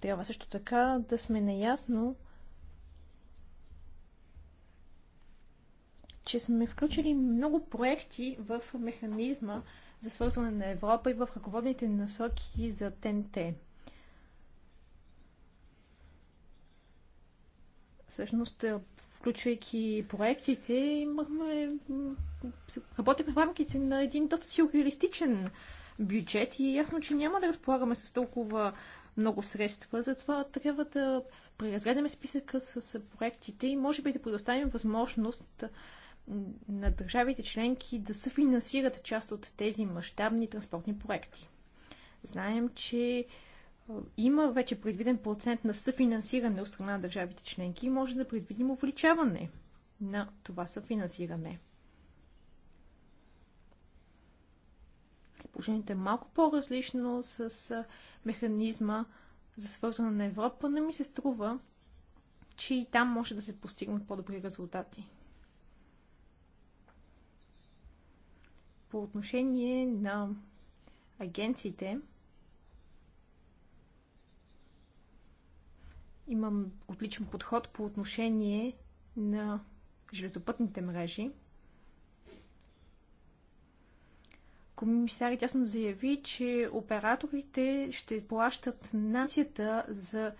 Speaker 2: Трябва също така да сме наясно, че сме включили много проекти в механизма за свързване на Европа и в ръководните насоки за ТНТ. Всъщност, е, включвайки проектите, имахме, работихме в рамките на един доста сюрреалистичен бюджет и е ясно, че няма да разполагаме с толкова много средства, затова трябва да преразгледаме списъка с проектите и може би да предоставим възможност на държавите членки да се финансират част от тези мащабни транспортни проекти. Знаем, че е, има вече предвиден процент на съфинансиране от страна на държавите членки и може да предвидим увеличаване на това съфинансиране. положението е малко по-различно с механизма за свързване на Европа, но ми се струва, че и там може да се постигнат по-добри резултати. По отношение на агенциите, имам отличен подход по отношение на железопътните мрежи. комисарят ясно заяви, че операторите ще плащат нацията за,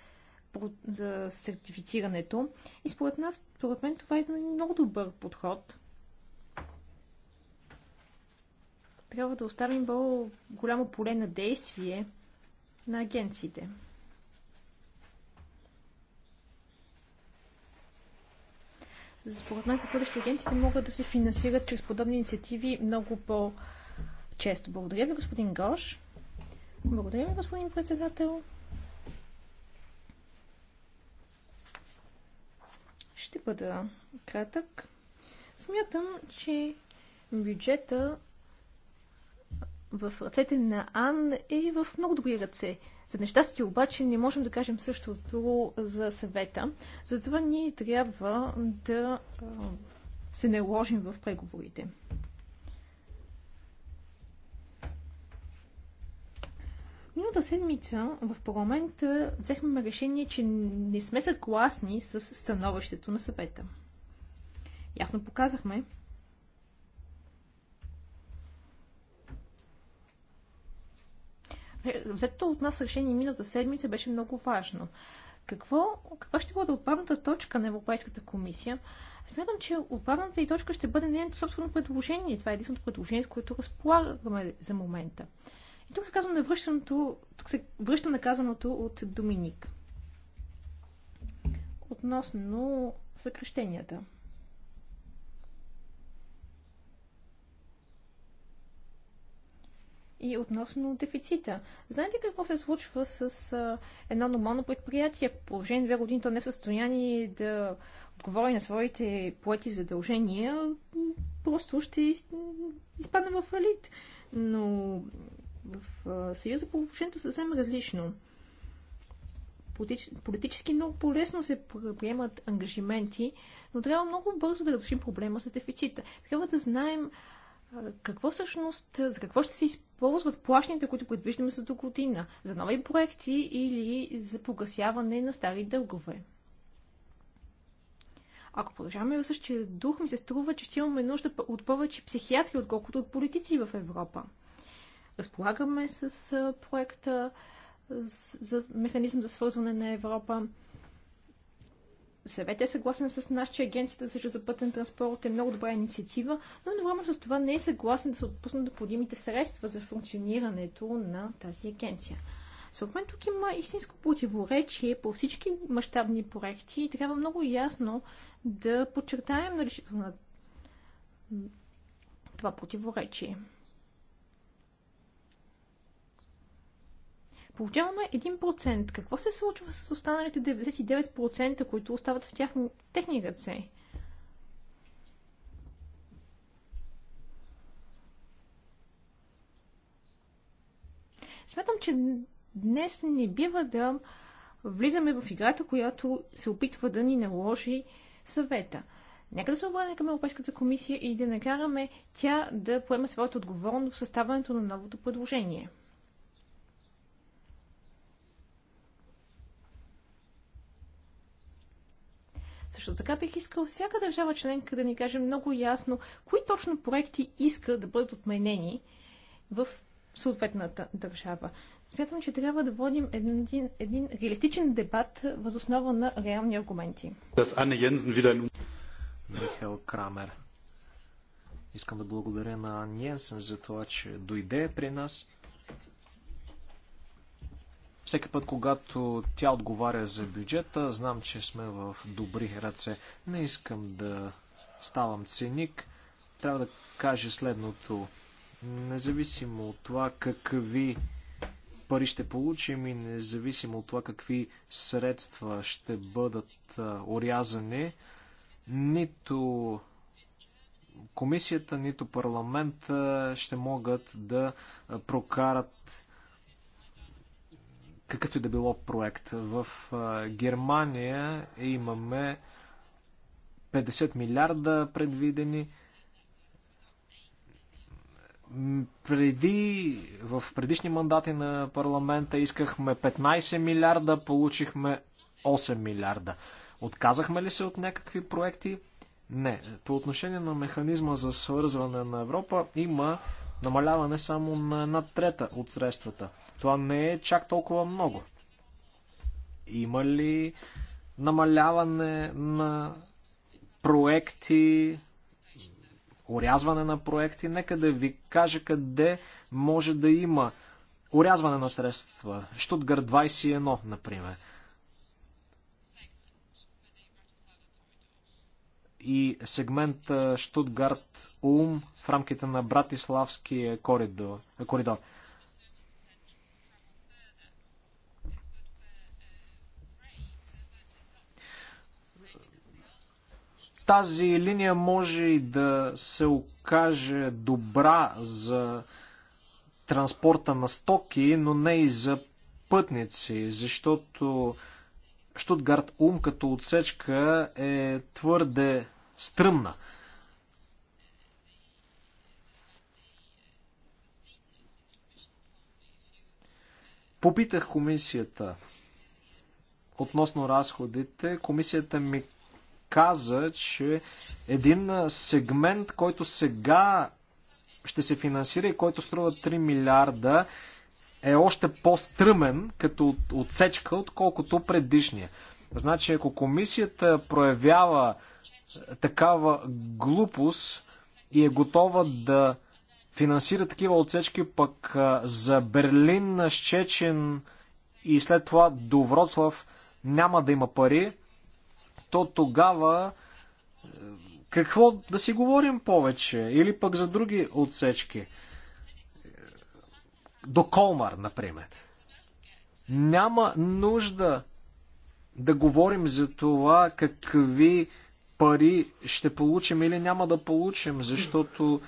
Speaker 2: за сертифицирането. И според нас, според мен това е един много добър подход. Трябва да оставим много голямо поле на действие на агенциите. Според мен за бъдеще агенциите могат да се финансират чрез подобни инициативи много по- често. Благодаря ви, господин Гош. Благодаря ви, господин председател. Ще бъда кратък. Смятам, че бюджета в ръцете на Ан е в много добри ръце. За нещастие обаче не можем да кажем същото за съвета. Затова ние трябва да се наложим в преговорите. Миналата седмица в парламента взехме решение, че не сме съгласни с становището на съвета. Ясно показахме, е, Взето от нас решение миналата седмица беше много важно. Какво, каква ще бъде отправната точка на Европейската комисия? Смятам, че отправната и точка ще бъде нейното собствено предложение. Това е единственото предложение, което разполагаме за момента. И тук се, казвам на връщаното, тук се връщам на казаното от Доминик. Относно съкръщенията. и относно дефицита. Знаете какво се случва с а, едно нормално предприятие? По положение две години то не е в състояние да отговори на своите поети задължения, просто ще изпадне в фалит. Но в Съюза положението съвсем различно. Политически, много по-лесно се приемат ангажименти, но трябва много бързо да разрешим проблема с дефицита. Трябва да знаем какво всъщност, за какво ще се използват плащаните, които предвиждаме за до година? За нови проекти или за погасяване на стари дългове? Ако продължаваме в същия дух, ми се струва, че ще имаме нужда от повече психиатри, отколкото от политици в Европа разполагаме с проекта за механизъм за свързване на Европа. Съвет е съгласен с нас, че Агенцията за пътен транспорт е много добра инициатива, но едновременно с това не е съгласен да се отпуснат необходимите средства за функционирането на тази агенция. Според мен тук има истинско противоречие по всички мащабни проекти и трябва много ясно да подчертаем наличието на това противоречие. получаваме 1%. Какво се случва с останалите 99%, които остават в тях, техни ръце? Смятам, че днес не бива да влизаме в играта, която се опитва да ни наложи съвета. Нека да се обърнем към Европейската комисия и да накараме тя да поеме своята отговорност в съставането на новото предложение. Също така бих искал всяка държава членка да ни каже много ясно, кои точно проекти иска да бъдат отменени в съответната държава. Смятам, че трябва да водим един, един реалистичен дебат възоснова на реални аргументи.
Speaker 4: Михаил Крамер. Искам да благодаря на Ниенсен за това, че дойде при нас. Всеки път, когато тя отговаря за бюджета, знам, че сме в добри ръце. Не искам да ставам ценик. Трябва да кажа следното. Независимо от това какви пари ще получим и независимо от това какви средства ще бъдат орязани, нито комисията, нито парламента ще могат да прокарат какъвто и да било проект. В Германия имаме 50 милиарда предвидени. Преди, в предишни мандати на парламента искахме 15 милиарда, получихме 8 милиарда. Отказахме ли се от някакви проекти? Не. По отношение на механизма за свързване на Европа има намаляване само на една трета от средствата. Това не е чак толкова много. Има ли намаляване на проекти, урязване на проекти? Нека да ви кажа къде може да има урязване на средства. Штутгар 21, например. и сегмент Штутгарт Ум в рамките на Братиславския коридор. коридор. Тази линия може и да се окаже добра за транспорта на стоки, но не и за пътници, защото Штутгарт Ум като отсечка е твърде стръмна. Попитах комисията относно разходите. Комисията ми каза, че един сегмент, който сега ще се финансира и който струва 3 милиарда, е още по-стръмен като отсечка, отколкото предишния. Значи, ако комисията проявява такава глупост и е готова да финансира такива отсечки, пък за Берлин, Щечен и след това до Вроцлав няма да има пари, то тогава е, какво да си говорим повече? Или пък за други отсечки? Е, до Колмар, например. Няма нужда да говорим за това какви пари ще получим или няма да получим, защото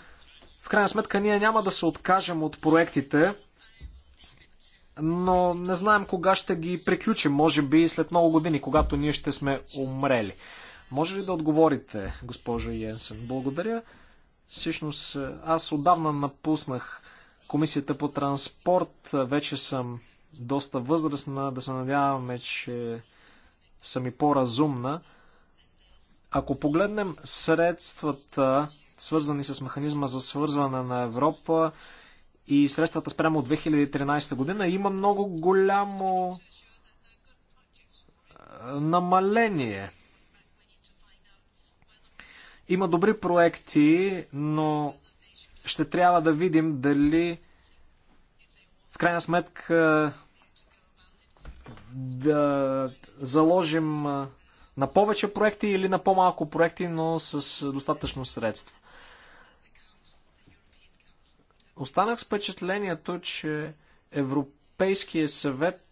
Speaker 4: в крайна сметка ние няма да се откажем от проектите, но не знаем кога ще ги приключим. Може би след много години, когато ние ще сме умрели. Може ли да отговорите, госпожо Йенсен? Благодаря. Всъщност, аз отдавна напуснах комисията по транспорт. Вече съм доста възрастна. Да се надяваме, че съм и по-разумна. Ако погледнем средствата, свързани с механизма за свързване на Европа, и средствата спрямо от 2013 година има много голямо намаление. Има добри проекти, но ще трябва да видим дали в крайна сметка да заложим на повече проекти или на по-малко проекти, но с достатъчно средства. Останах с впечатлението, че Европейския съвет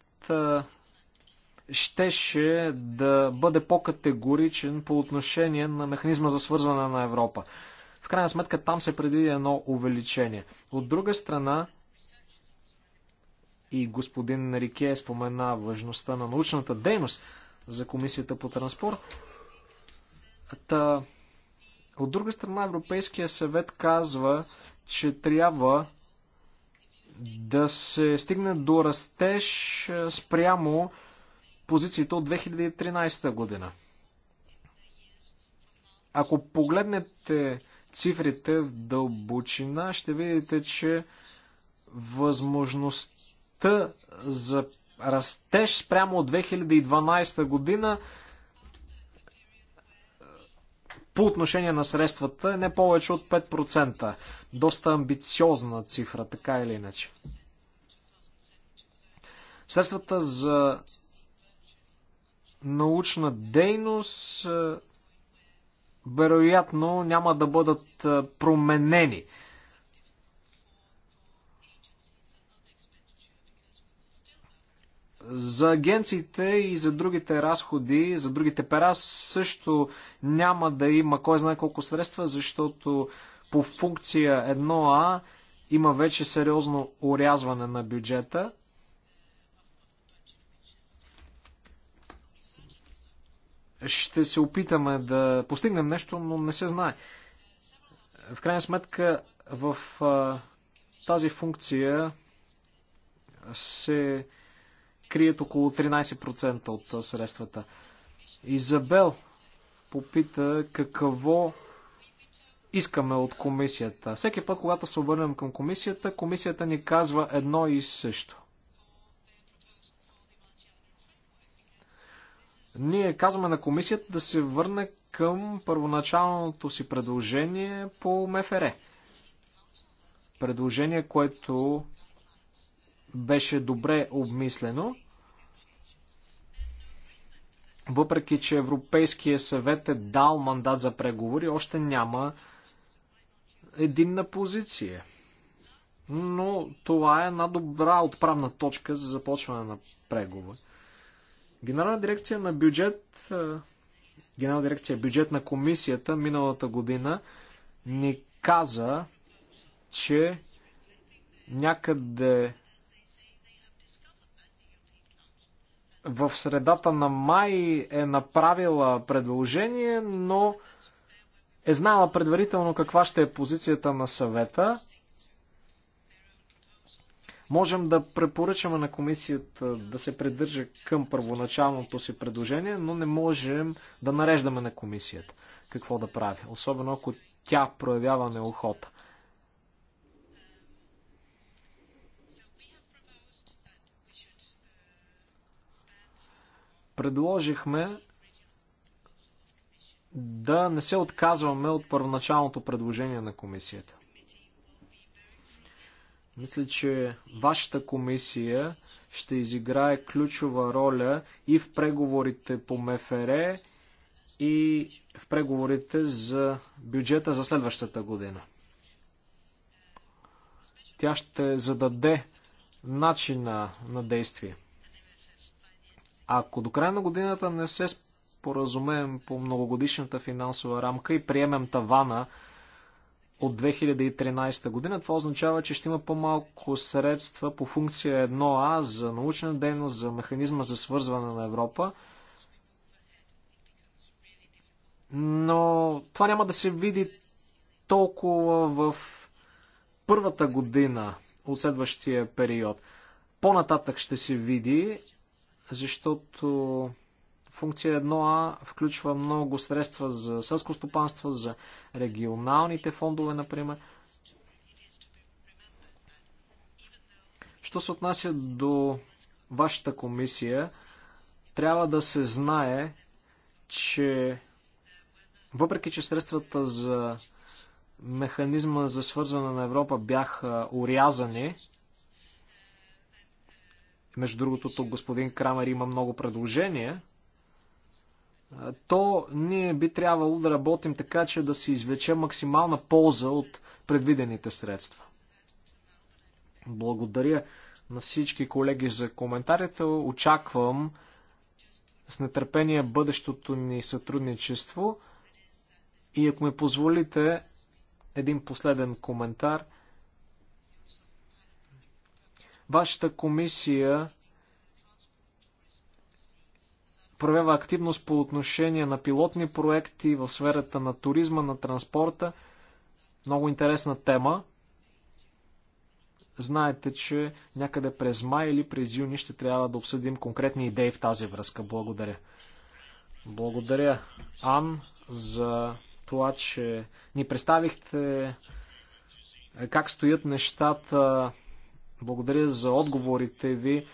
Speaker 4: щеше да бъде по-категоричен по отношение на механизма за свързване на Европа. В крайна сметка там се предвиди едно увеличение. От друга страна, и господин Рике спомена важността на научната дейност за Комисията по транспорт. Та, от друга страна, Европейския съвет казва, че трябва да се стигне до растеж спрямо позициите от 2013 година. Ако погледнете цифрите в дълбочина, ще видите, че възможността за растеж спрямо от 2012 година по отношение на средствата е не повече от 5%. Доста амбициозна цифра, така или иначе. Средствата за научна дейност е, вероятно няма да бъдат е, променени За агенциите и за другите разходи, за другите пера също няма да има кой знае колко средства, защото по функция 1А има вече сериозно урязване на бюджета. Ще се опитаме да постигнем нещо, но не се знае. В крайна сметка, в тази функция се крият около 13% от средствата. Изабел попита какво искаме от комисията. Всеки път, когато се обърнем към комисията, комисията ни казва едно и също. Ние казваме на комисията да се върне към първоначалното си предложение по МФР. Предложение, което беше добре обмислено. Въпреки, че Европейския съвет е дал мандат за преговори, още няма единна позиция. Но това е една добра отправна точка за започване на преговори. Генерална дирекция на бюджет, Генерална дирекция бюджет на комисията миналата година ни каза, че някъде в средата на май е направила предложение, но е знала предварително каква ще е позицията на съвета. Можем да препоръчаме на комисията да се придържа към първоначалното си предложение, но не можем да нареждаме на комисията какво да прави, особено ако тя проявява неохота. предложихме да не се отказваме от първоначалното предложение на комисията. Мисля, че вашата комисия ще изиграе ключова роля и в преговорите по МФР, и в преговорите за бюджета за следващата година. Тя ще зададе начина на действие. Ако до края на годината не се споразумеем по многогодишната финансова рамка и приемем тавана от 2013 година, това означава, че ще има по-малко средства по функция 1А за научна дейност, за механизма за свързване на Европа. Но това няма да се види толкова в първата година от следващия период. По-нататък ще се види, защото функция 1А включва много средства за селско стопанство, за регионалните фондове, например. Що се отнася до вашата комисия, трябва да се знае, че въпреки, че средствата за механизма за свързване на Европа бяха урязани, между другото тук господин Крамер има много предложения, то ние би трябвало да работим така, че да се извлече максимална полза от предвидените средства. Благодаря на всички колеги за коментарите. Очаквам с нетърпение бъдещото ни сътрудничество. И ако ми позволите, един последен коментар – Вашата комисия проявява активност по отношение на пилотни проекти в сферата на туризма, на транспорта. Много интересна тема. Знаете, че някъде през май или през юни ще трябва да обсъдим конкретни идеи в тази връзка. Благодаря. Благодаря, Ан, за това, че ни представихте е, как стоят нещата благодаря за отговорите ви.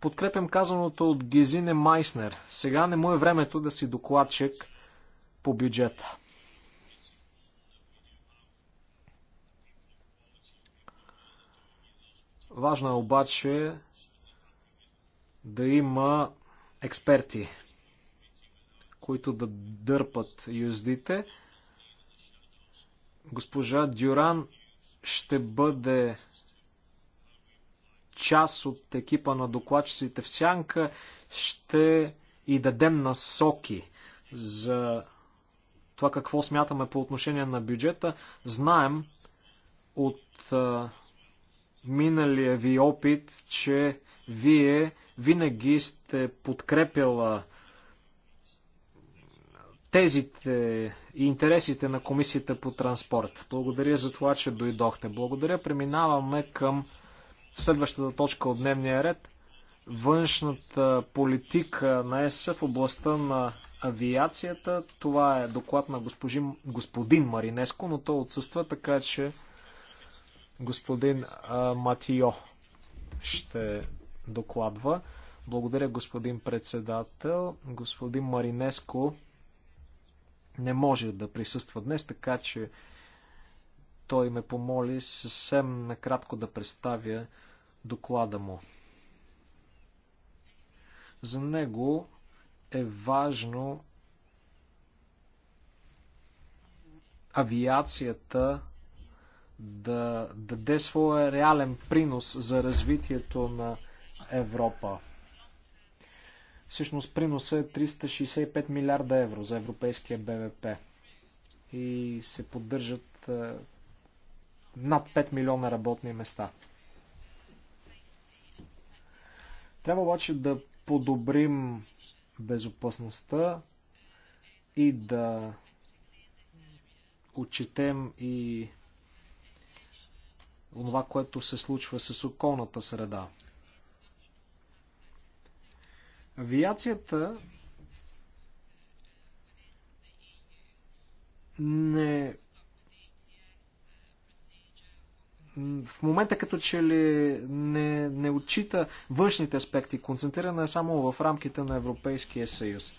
Speaker 4: Подкрепям казаното от Гезине Майснер. Сега не му е времето да си докладчик по бюджета. Важно е обаче да има експерти, които да дърпат юздите. Госпожа Дюран ще бъде част от екипа на докладчиците в Сянка ще и дадем насоки за това какво смятаме по отношение на бюджета. Знаем от а, миналия ви опит, че вие винаги сте подкрепила тезите и интересите на комисията по транспорт. Благодаря за това, че дойдохте. Благодаря. Преминаваме към следващата точка от дневния ред външната политика на ЕС в областта на авиацията. Това е доклад на госпожи, господин Маринеско, но той отсъства, така че господин а, Матио ще докладва. Благодаря, господин председател. Господин Маринеско не може да присъства днес, така че той ме помоли съвсем накратко да представя доклада му. За него е важно авиацията да даде своя реален принос за развитието на Европа. Всъщност приносът е 365 милиарда евро за европейския БВП и се поддържат е, над 5 милиона работни места. Трябва обаче да подобрим безопасността и да отчетем и това, което се случва с околната среда. Авиацията не в момента като че ли не, не отчита външните аспекти, концентрирана е само в рамките на Европейския съюз.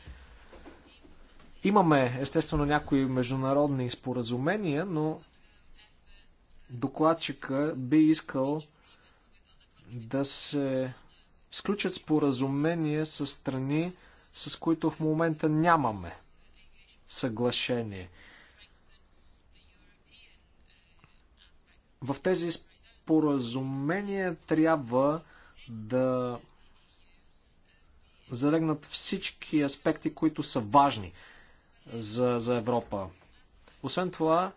Speaker 4: Имаме, естествено, някои международни споразумения, но докладчика би искал да се сключат споразумения с страни, с които в момента нямаме съглашение. В тези споразумения трябва да залегнат всички аспекти, които са важни за, за Европа. Освен това,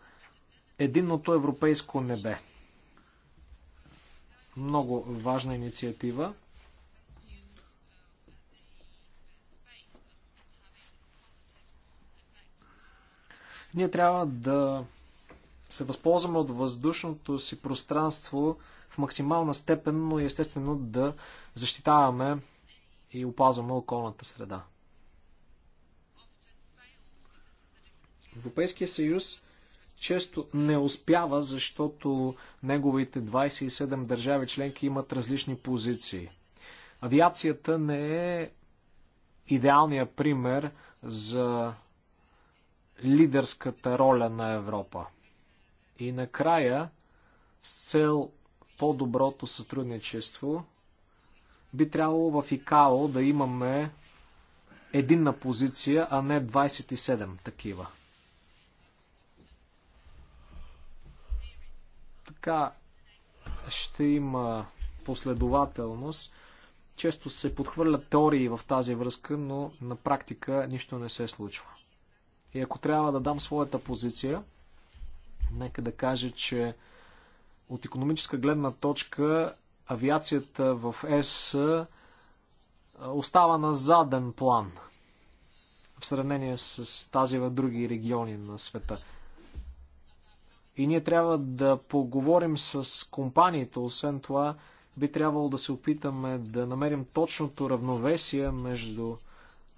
Speaker 4: единното европейско небе. Много важна инициатива. Ние трябва да се възползваме от въздушното си пространство в максимална степен, но естествено да защитаваме и опазваме околната среда. Европейския съюз често не успява, защото неговите 27 държави членки имат различни позиции. Авиацията не е идеалният пример за лидерската роля на Европа. И накрая, с цел по-доброто сътрудничество, би трябвало в ИКАО да имаме единна позиция, а не 27 такива. Така ще има последователност. Често се подхвърлят теории в тази връзка, но на практика нищо не се случва. И ако трябва да дам своята позиция, Нека да кажа, че от економическа гледна точка авиацията в ЕС остава на заден план в сравнение с тази в други региони на света. И ние трябва да поговорим с компаниите. Освен това, би трябвало да се опитаме да намерим точното равновесие между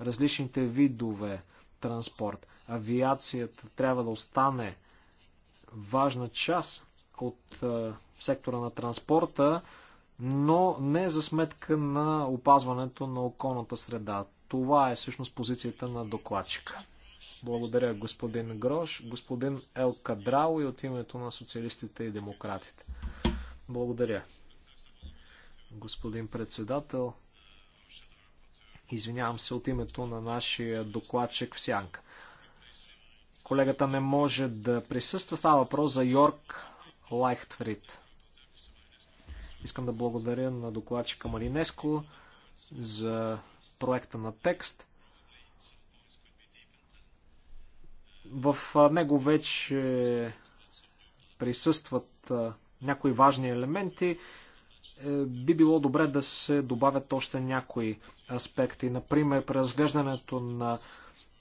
Speaker 4: различните видове транспорт. Авиацията трябва да остане важна част от е, сектора на транспорта, но не за сметка на опазването на околната среда. Това е всъщност позицията на докладчика. Благодаря господин Грош, господин Ел Кадрал и от името на социалистите и демократите. Благодаря. Господин председател, извинявам се от името на нашия докладчик в Сянка. Колегата не може да присъства. Става въпрос за Йорк Лайхтфрид. Искам да благодаря на докладчика Маринеско за проекта на текст. В него вече присъстват някои важни елементи. Е, би било добре да се добавят още някои аспекти. Например, преразглеждането на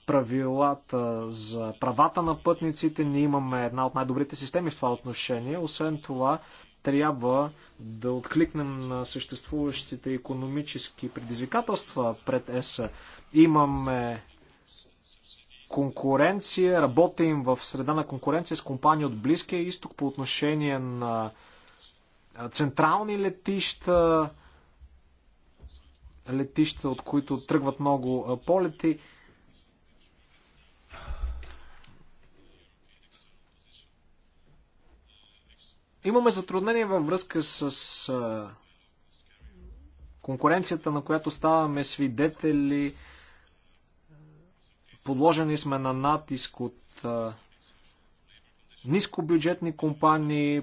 Speaker 4: правилата за правата на пътниците. Ние имаме една от най-добрите системи в това отношение. Освен това, трябва да откликнем на съществуващите економически предизвикателства пред ЕСА. Имаме конкуренция, работим в среда на конкуренция с компании от Близкия изток по отношение на централни летища, летища, от които тръгват много полети. Имаме затруднение във връзка с а, конкуренцията, на която ставаме свидетели. Подложени сме на натиск от а, нискобюджетни компании.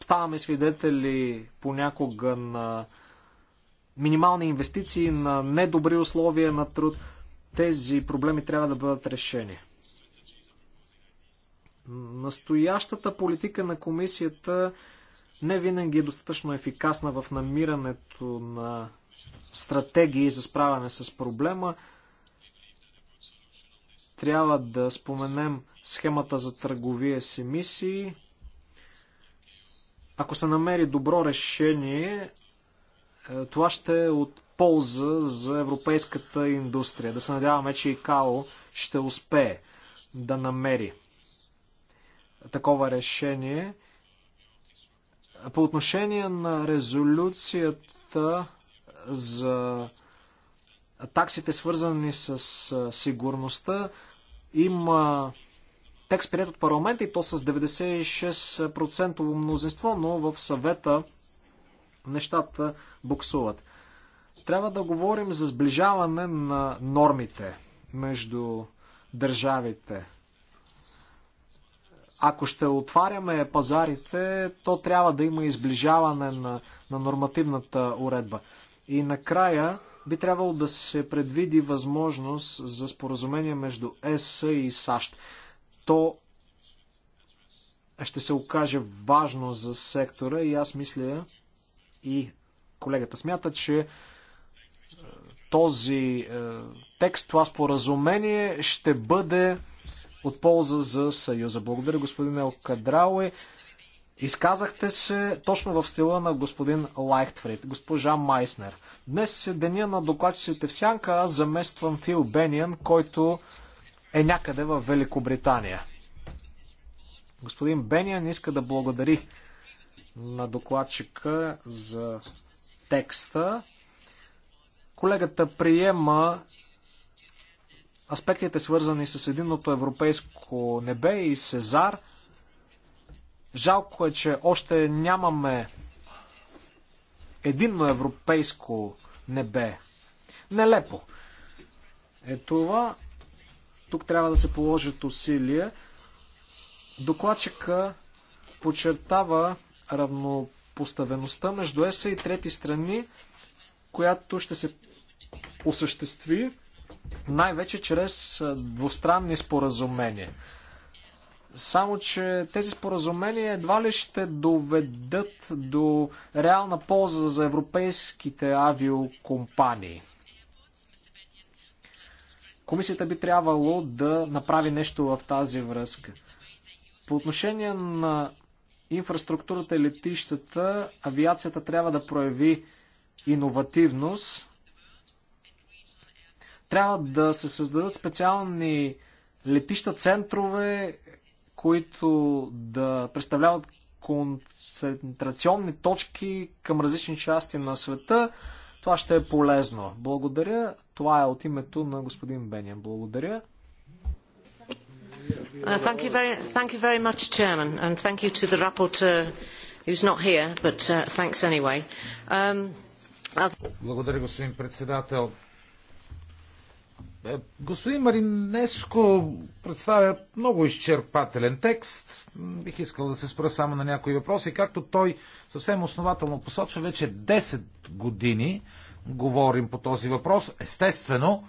Speaker 4: Ставаме свидетели понякога на минимални инвестиции, на недобри условия на труд. Тези проблеми трябва да бъдат решени. Настоящата политика на комисията не винаги е достатъчно ефикасна в намирането на стратегии за справяне с проблема. Трябва да споменем схемата за търговия с емисии. Ако се намери добро решение, е, това ще е от полза за европейската индустрия. Да се надяваме, че ИКАО ще успее да намери такова решение. По отношение на резолюцията за таксите, свързани с сигурността, има текст прият от парламента и то с 96% мнозинство, но в съвета нещата буксуват. Трябва да говорим за сближаване на нормите между държавите ако ще отваряме пазарите, то трябва да има изближаване на, на нормативната уредба. И накрая би трябвало да се предвиди възможност за споразумение между ЕС и САЩ. То ще се окаже важно за сектора и аз мисля и колегата смята, че е, този е, текст, това споразумение ще бъде от полза за Съюза. Благодаря, господин Елкадрауи. Изказахте се точно в стила на господин Лайхтфрид, госпожа Майснер. Днес е деня на докладчиците в Сянка, аз замествам Фил Бениан, който е някъде в Великобритания. Господин Бениан иска да благодари на докладчика за текста. Колегата приема аспектите свързани с единното европейско небе и Сезар. Жалко е, че още нямаме единно европейско небе. Нелепо. Е това. Тук трябва да се положат усилия. Докладчика подчертава равнопоставеността между ЕСА и трети страни, която ще се осъществи най-вече чрез двустранни споразумения. Само, че тези споразумения едва ли ще доведат до реална полза за европейските авиокомпании. Комисията би трябвало да направи нещо в тази връзка. По отношение на инфраструктурата и летищата, авиацията трябва да прояви иновативност трябва да се създадат специални летища, центрове, които да представляват концентрационни точки към различни части на света. Това ще е полезно. Благодаря. Това е от името на господин Беня. Благодаря. Uh, thank you
Speaker 2: very, thank you very much, Chairman, and thank you to the rapporteur who's not
Speaker 4: here, but uh, thanks anyway. Um, uh, Благодаря, господин председател.
Speaker 3: Е, господин Маринеско представя много изчерпателен текст. Бих искал да се спра само на някои въпроси. Както той съвсем основателно посочва, вече 10 години говорим по този въпрос. Естествено,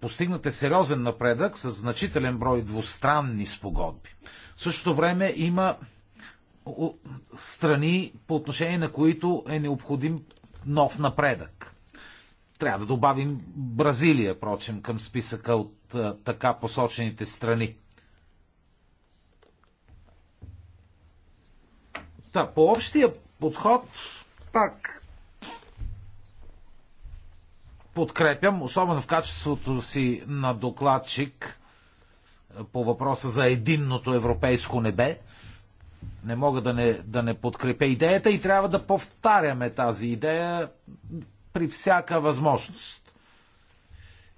Speaker 3: постигнат е сериозен напредък с значителен брой двустранни спогодби. В същото време има страни, по отношение на които е необходим нов напредък. Трябва да добавим Бразилия, прочим, към списъка от а, така посочените страни. Та, по общия подход, пак подкрепям, особено в качеството си на докладчик по въпроса за единното европейско небе. Не мога да не, да не подкрепя идеята и трябва да повтаряме тази идея при всяка възможност.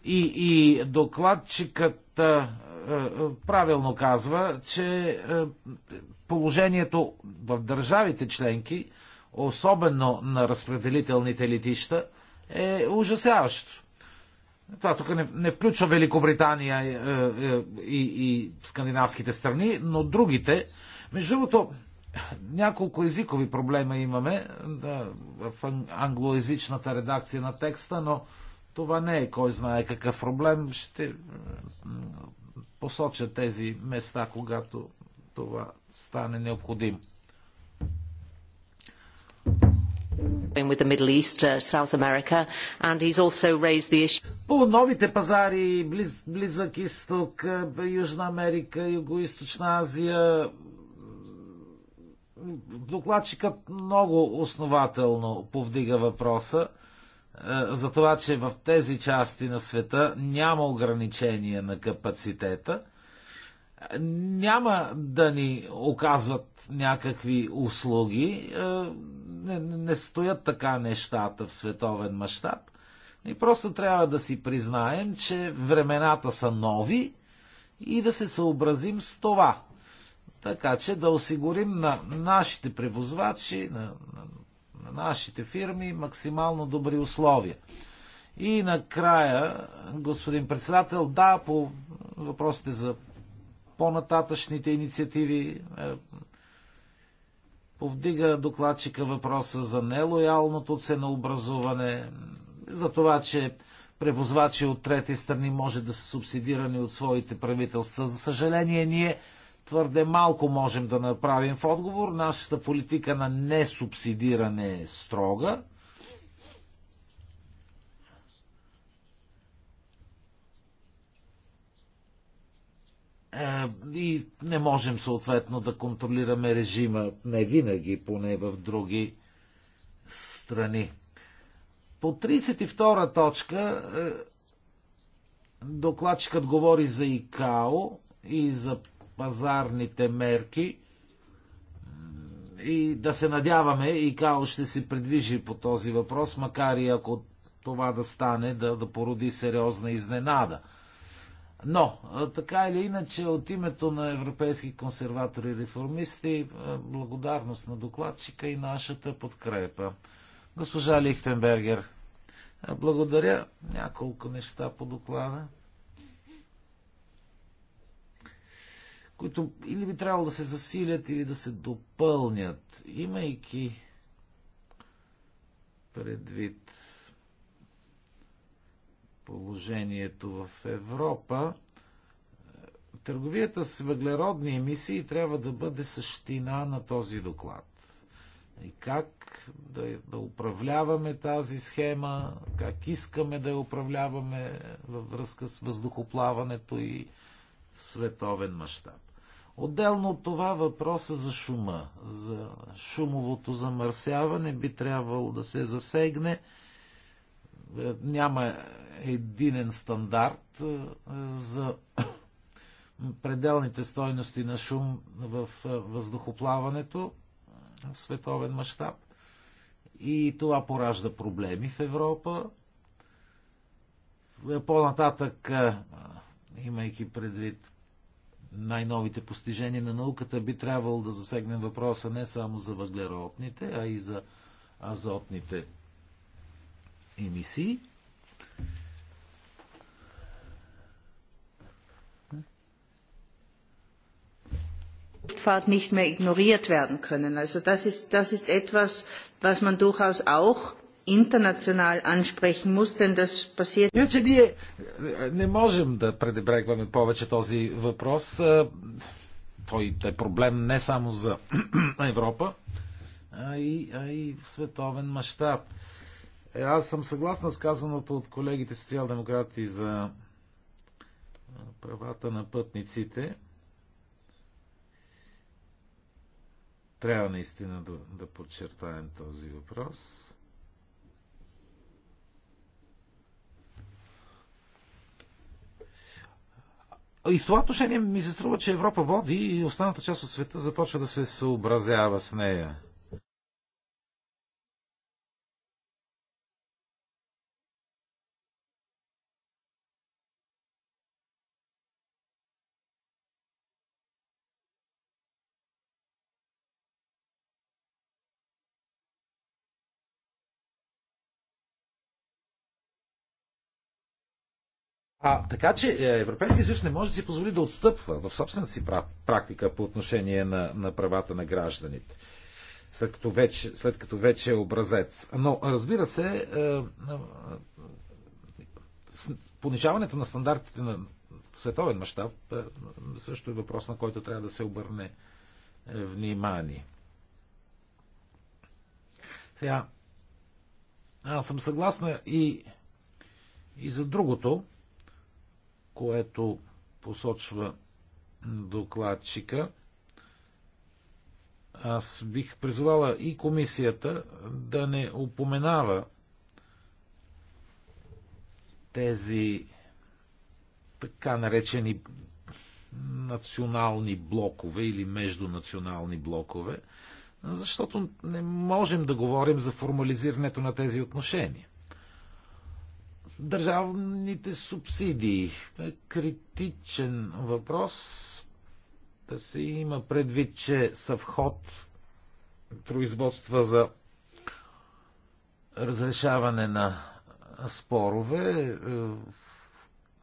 Speaker 3: И, и докладчикът а, а, правилно казва, че а, положението в държавите членки, особено на разпределителните летища, е ужасяващо. Това тук не, не включва Великобритания е, е, и, и скандинавските страни, но другите. Между другото, няколко езикови проблема имаме да, в англоязичната редакция на текста, но това не е кой знае какъв проблем. Ще посоча тези места, когато това стане необходимо.
Speaker 4: With the Middle East, uh, South America, and he's also raised the issue.
Speaker 3: По новите пазари, близ, близък изток, Южна Америка, Юго-Источна Азия, докладчикът много основателно повдига въпроса е, за това, че в тези части на света няма ограничение на капацитета, няма да ни оказват някакви услуги, е, не, не стоят така нещата в световен мащаб. И просто трябва да си признаем, че времената са нови и да се съобразим с това така че да осигурим на нашите превозвачи, на, на, на нашите фирми максимално добри условия. И накрая, господин председател, да, по въпросите за по-нататъчните инициативи, е, повдига докладчика въпроса за нелоялното ценообразуване, за това, че превозвачи от трети страни може да са субсидирани от своите правителства. За съжаление, ние твърде малко можем да направим в отговор. Нашата политика на несубсидиране е строга. Е, и не можем съответно да контролираме режима не винаги, поне в други страни. По 32 точка е, докладчикът говори за ИКАО и за пазарните мерки и да се надяваме и КАО ще се придвижи по този въпрос, макар и ако това да стане, да, да породи сериозна изненада. Но, така или иначе, от името на европейски консерватори и реформисти, благодарност на докладчика и нашата подкрепа. Госпожа Лихтенбергер, благодаря. Няколко неща по доклада. които или би трябвало да се засилят, или да се допълнят, имайки предвид положението в Европа, е, търговията с въглеродни емисии трябва да бъде същина на този доклад. И как да, да управляваме тази схема, как искаме да я управляваме във връзка с въздухоплаването и световен мащаб. Отделно от това въпроса за шума, за шумовото замърсяване би трябвало да се засегне. Е, няма единен стандарт е, за пределните стойности на шум в е, въздухоплаването в световен мащаб. И това поражда проблеми в Европа. По-нататък, имайки предвид най-новите постижения на науката, би трябвало да засегнем въпроса не само за въглеродните, а и за азотните емисии.
Speaker 2: Luftfahrt nicht mehr ignoriert werden können. Also das ist, das ist etwas, was man durchaus auch international ansprechen muss, das passiert... Иначе ние
Speaker 3: е, не можем да предебрегваме повече този въпрос. Е, той е проблем не само за Европа, а и, а и в световен мащаб. Е, аз съм съгласна с казаното от колегите социал-демократи за правата на пътниците. Трябва наистина да, да подчертаем този въпрос. И в това отношение ми се струва, че Европа води и останата част от света започва да се съобразява с нея. А, така че е, Европейския съюз не може да си позволи да отстъпва в собствената си практика по отношение на, на правата на гражданите. След като, вече, след като вече е образец. Но, разбира се, е, е, понижаването на стандартите на световен мащаб също е въпрос, на който трябва да се обърне внимание. Сега, аз съм съгласна и, и за другото, което посочва докладчика. Аз бих призвала и комисията да не упоменава тези така наречени национални блокове или междунационални блокове, защото не можем да говорим за формализирането на тези отношения. Държавните субсидии. Е критичен въпрос. Да се има предвид, че са вход производства за разрешаване на спорове, е,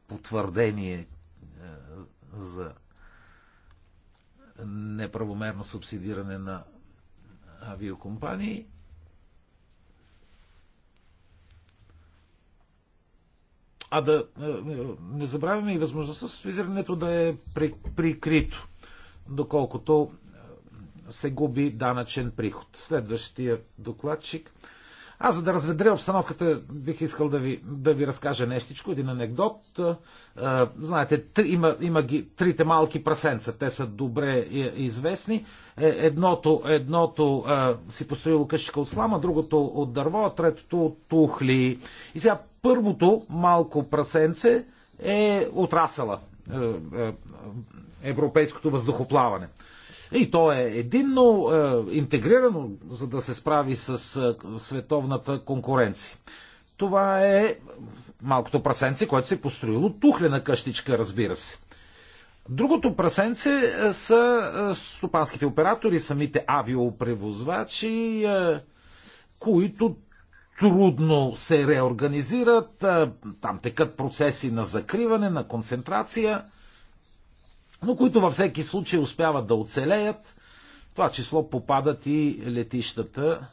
Speaker 3: потвърдение е, за неправомерно субсидиране на авиокомпании а да е, е, не забравяме и възможността субсидирането да е прикрито, доколкото е, се губи данъчен приход. Следващия докладчик. Аз, за да разведря обстановката, бих искал да ви, да ви разкажа нещичко, един анекдот. Знаете, три, има, има ги, трите малки прасенца, те са добре известни. Едното, едното си построило къщичка от слама, другото от дърво, третото от тухли. И сега първото малко прасенце е отрасала е, е, европейското въздухоплаване. И то е единно е, интегрирано, за да се справи с световната конкуренция. Това е малкото прасенце, което се е построило тухлена къщичка, разбира се. Другото прасенце са стопанските оператори, самите авиопревозвачи, които трудно се реорганизират, там текат процеси на закриване, на концентрация, но които във всеки случай успяват да оцелеят. В това число попадат и летищата,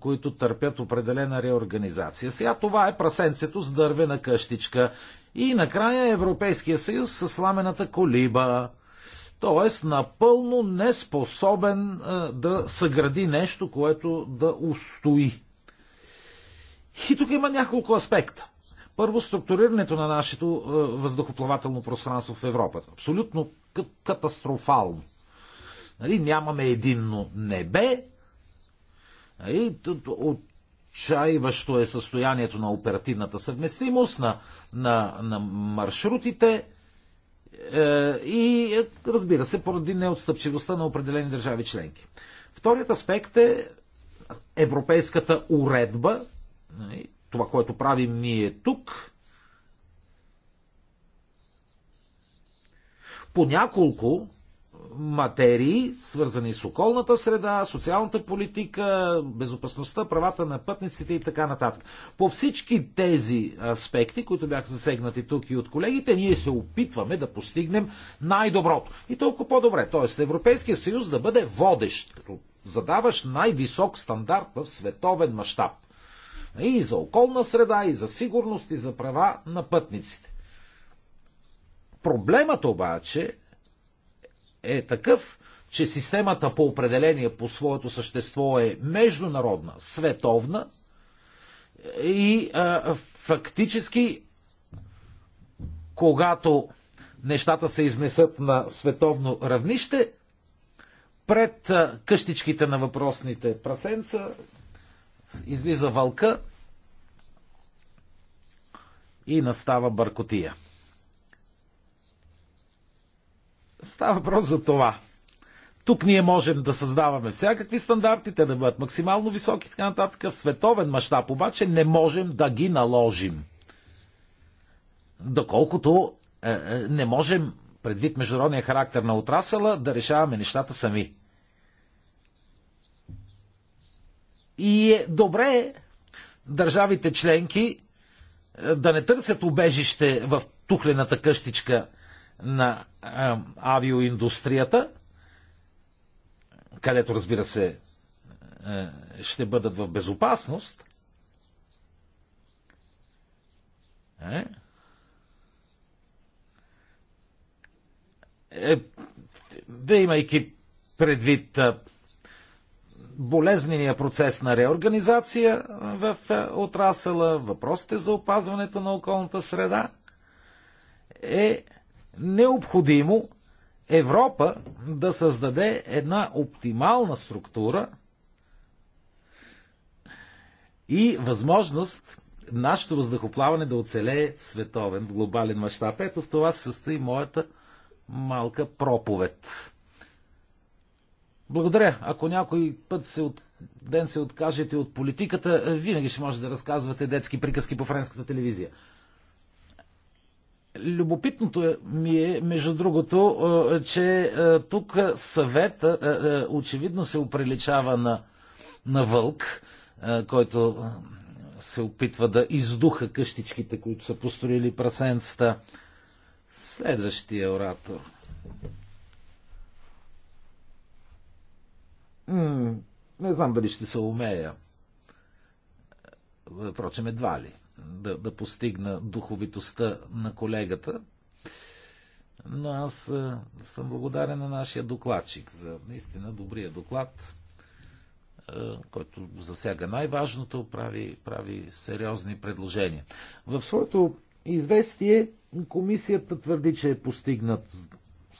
Speaker 3: които търпят определена реорганизация. Сега това е прасенцето с дървена къщичка. И накрая Европейския съюз с сламената колиба. Тоест напълно неспособен да съгради нещо, което да устои и тук има няколко аспекта. Първо, структурирането на нашето е, въздухоплавателно пространство в Европа. Абсолютно катастрофално. Нали, нямаме единно небе. Нали, отчаиващо е състоянието на оперативната съвместимост, на, на, на маршрутите е, и е, разбира се, поради неотстъпчивостта на определени държави членки. Вторият аспект е европейската уредба Нали? Това, което правим ние тук, по няколко материи, свързани с околната среда, социалната политика, безопасността, правата на пътниците и така нататък. По всички тези аспекти, които бяха засегнати тук и от колегите, ние се опитваме да постигнем най-доброто. И толкова по-добре. Тоест Европейския съюз да бъде водещ, задаващ най-висок стандарт в световен мащаб. И за околна среда, и за сигурност, и за права на пътниците. Проблемът обаче е такъв, че системата по определение по своето същество е международна, световна и а, фактически, когато нещата се изнесат на световно равнище, пред къщичките на въпросните прасенца излиза вълка и настава бъркотия. Става въпрос за това. Тук ние можем да създаваме всякакви стандарти, те да бъдат максимално високи, така нататък. В световен мащаб обаче не можем да ги наложим. Доколкото е, е, не можем, предвид международния характер на отрасъла, да решаваме нещата сами. И е добре държавите членки е, да не търсят убежище в тухлената къщичка на е, авиоиндустрията, където, разбира се, е, ще бъдат в безопасност. Е? Е, да имайки предвид болезнения процес на реорганизация в е, отрасъла, въпросите за опазването на околната среда, е необходимо Европа да създаде една оптимална структура и възможност нашето въздухоплаване да оцелее в световен, в глобален мащаб. Ето в това се състои моята малка проповед. Благодаря. Ако някой път се от... ден се откажете от политиката, е, винаги ще може да разказвате детски приказки по френската телевизия. Любопитното е- ми е, между другото, е, че тук съвет очевидно се оприличава на, на вълк, който се опитва да издуха къщичките, които са построили прасенцата. Следващия оратор. М- не знам дали ще се умея. Впрочем, едва ли да, да постигна духовитостта на колегата. Но аз съм благодарен на нашия докладчик за наистина добрия доклад, който засяга най-важното, прави, прави сериозни предложения. В своето известие комисията твърди, че е постигнат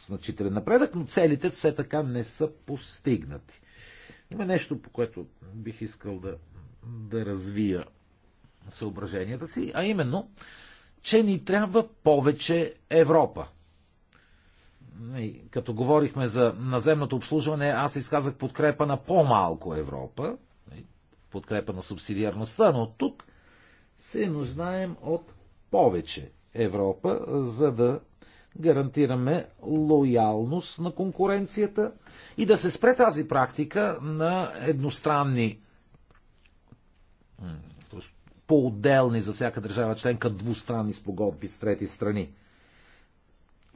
Speaker 3: значителен напредък, но целите все така не са постигнати. Има нещо, по което бих искал да, да развия съображенията си, а именно, че ни трябва повече Европа. И като говорихме за наземното обслужване, аз изказах подкрепа на по-малко Европа, подкрепа на субсидиарността, но тук се нуждаем от повече Европа, за да гарантираме лоялност на конкуренцията и да се спре тази практика на едностранни по-отделни за всяка държава членка двустранни спогодби с трети страни.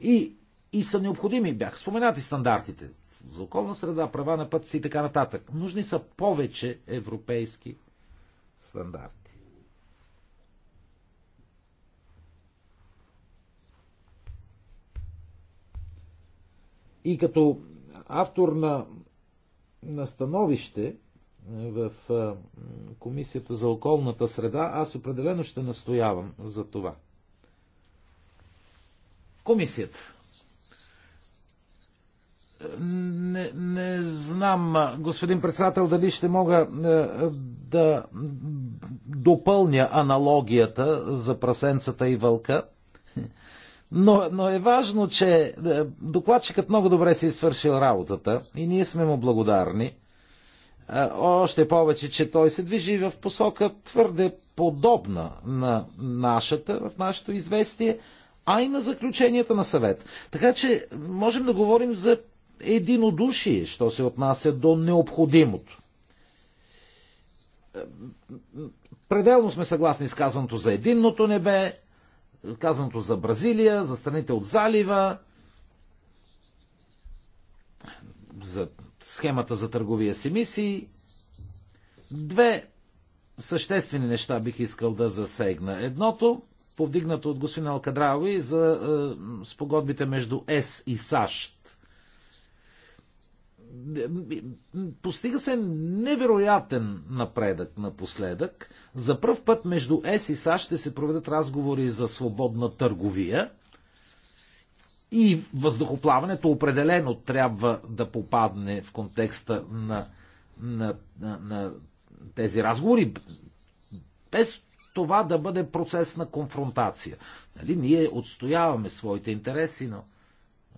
Speaker 3: И, и са необходими, бях споменати стандартите за околна среда, права на пътци и така нататък. Нужни са повече европейски стандарти. И като автор на, на становище е, в е, Комисията за околната среда, аз определено ще настоявам за това. Комисията. Не, не знам, господин председател, дали ще мога е, да допълня аналогията за прасенцата и вълка. Но, но е важно, че е, докладчикът много добре си е свършил работата и ние сме му благодарни. Е, още повече, че той се движи в посока твърде подобна на нашата, в нашето известие, а и на заключенията на съвет. Така че можем да говорим за единодушие, що се отнася до необходимото. Е, пределно сме съгласни с казаното за единното небе, казаното за Бразилия, за страните от залива, за схемата за търговия с емисии. Две съществени неща бих искал да засегна. Едното, повдигнато от господин Алкадрави за е, спогодбите между ЕС и САЩ постига се невероятен напредък напоследък. За първ път между ЕС и САЩ ще се проведат разговори за свободна търговия. И въздухоплаването определено трябва да попадне в контекста на, на, на, на тези разговори, без това да бъде процес на конфронтация. Нали? Ние отстояваме своите интереси, но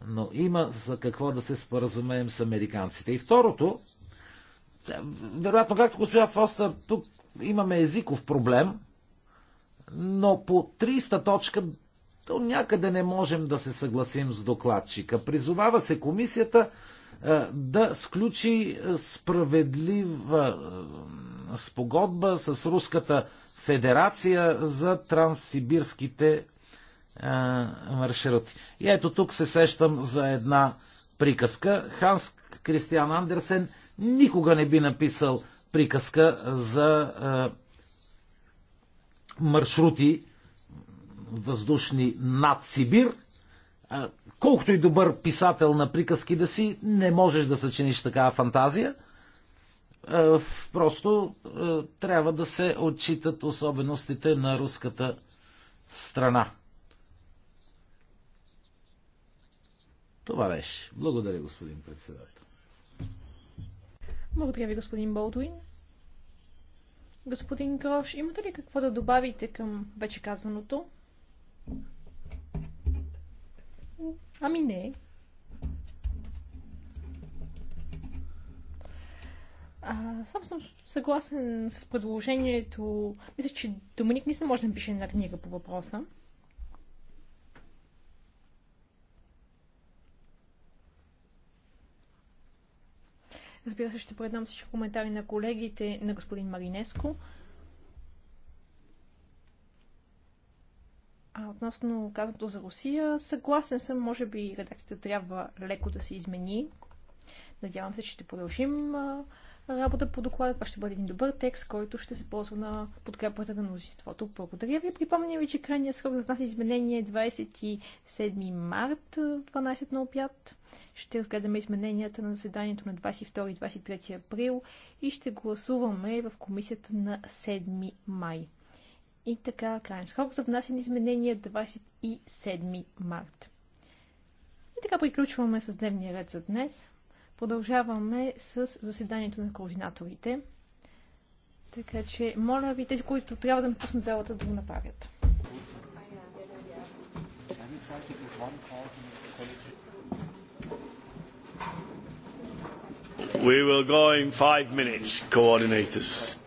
Speaker 3: но има за какво да се споразумеем с американците. И второто, вероятно, както господин Фостер, тук имаме езиков проблем, но по 300 точка то някъде не можем да се съгласим с докладчика. Призовава се комисията е, да сключи справедлива е, спогодба с Руската федерация за транссибирските маршрути. И ето тук се сещам за една приказка. Ханс Кристиан Андерсен никога не би написал приказка за а, маршрути въздушни над Сибир. А, колкото и добър писател на приказки да си, не можеш да съчиниш такава фантазия. А, просто а, трябва да се отчитат особеностите на руската страна. Това беше. Благодаря, господин председател.
Speaker 2: Благодаря ви, господин Болдуин. Господин Грош, имате ли какво да добавите към вече казаното? Ами не. А, сам съм съгласен с предложението. Мисля, че Доминик не се може да пише една книга по въпроса. Разбира се, ще предам всички коментари на колегите на господин Маринеско. А относно казаното за Русия, съгласен съм, може би редакцията трябва леко да се измени. Надявам се, че ще продължим работа по доклада. Това ще бъде един добър текст, който ще се ползва на подкрепата на мнозинството. Благодаря ви. Припомня ви, че крайният срок за нас изменение е 27 март, 12 на обяд. Ще разгледаме измененията на заседанието на 22 и 23 април и ще гласуваме в комисията на 7 май. И така, крайен срок за внасяне изменения 27 е март. И така приключваме с дневния ред за днес. Продължаваме с заседанието на координаторите. Така че, моля ви, тези, които трябва да напуснат залата, да го направят.
Speaker 1: We will go in five minutes, coordinators.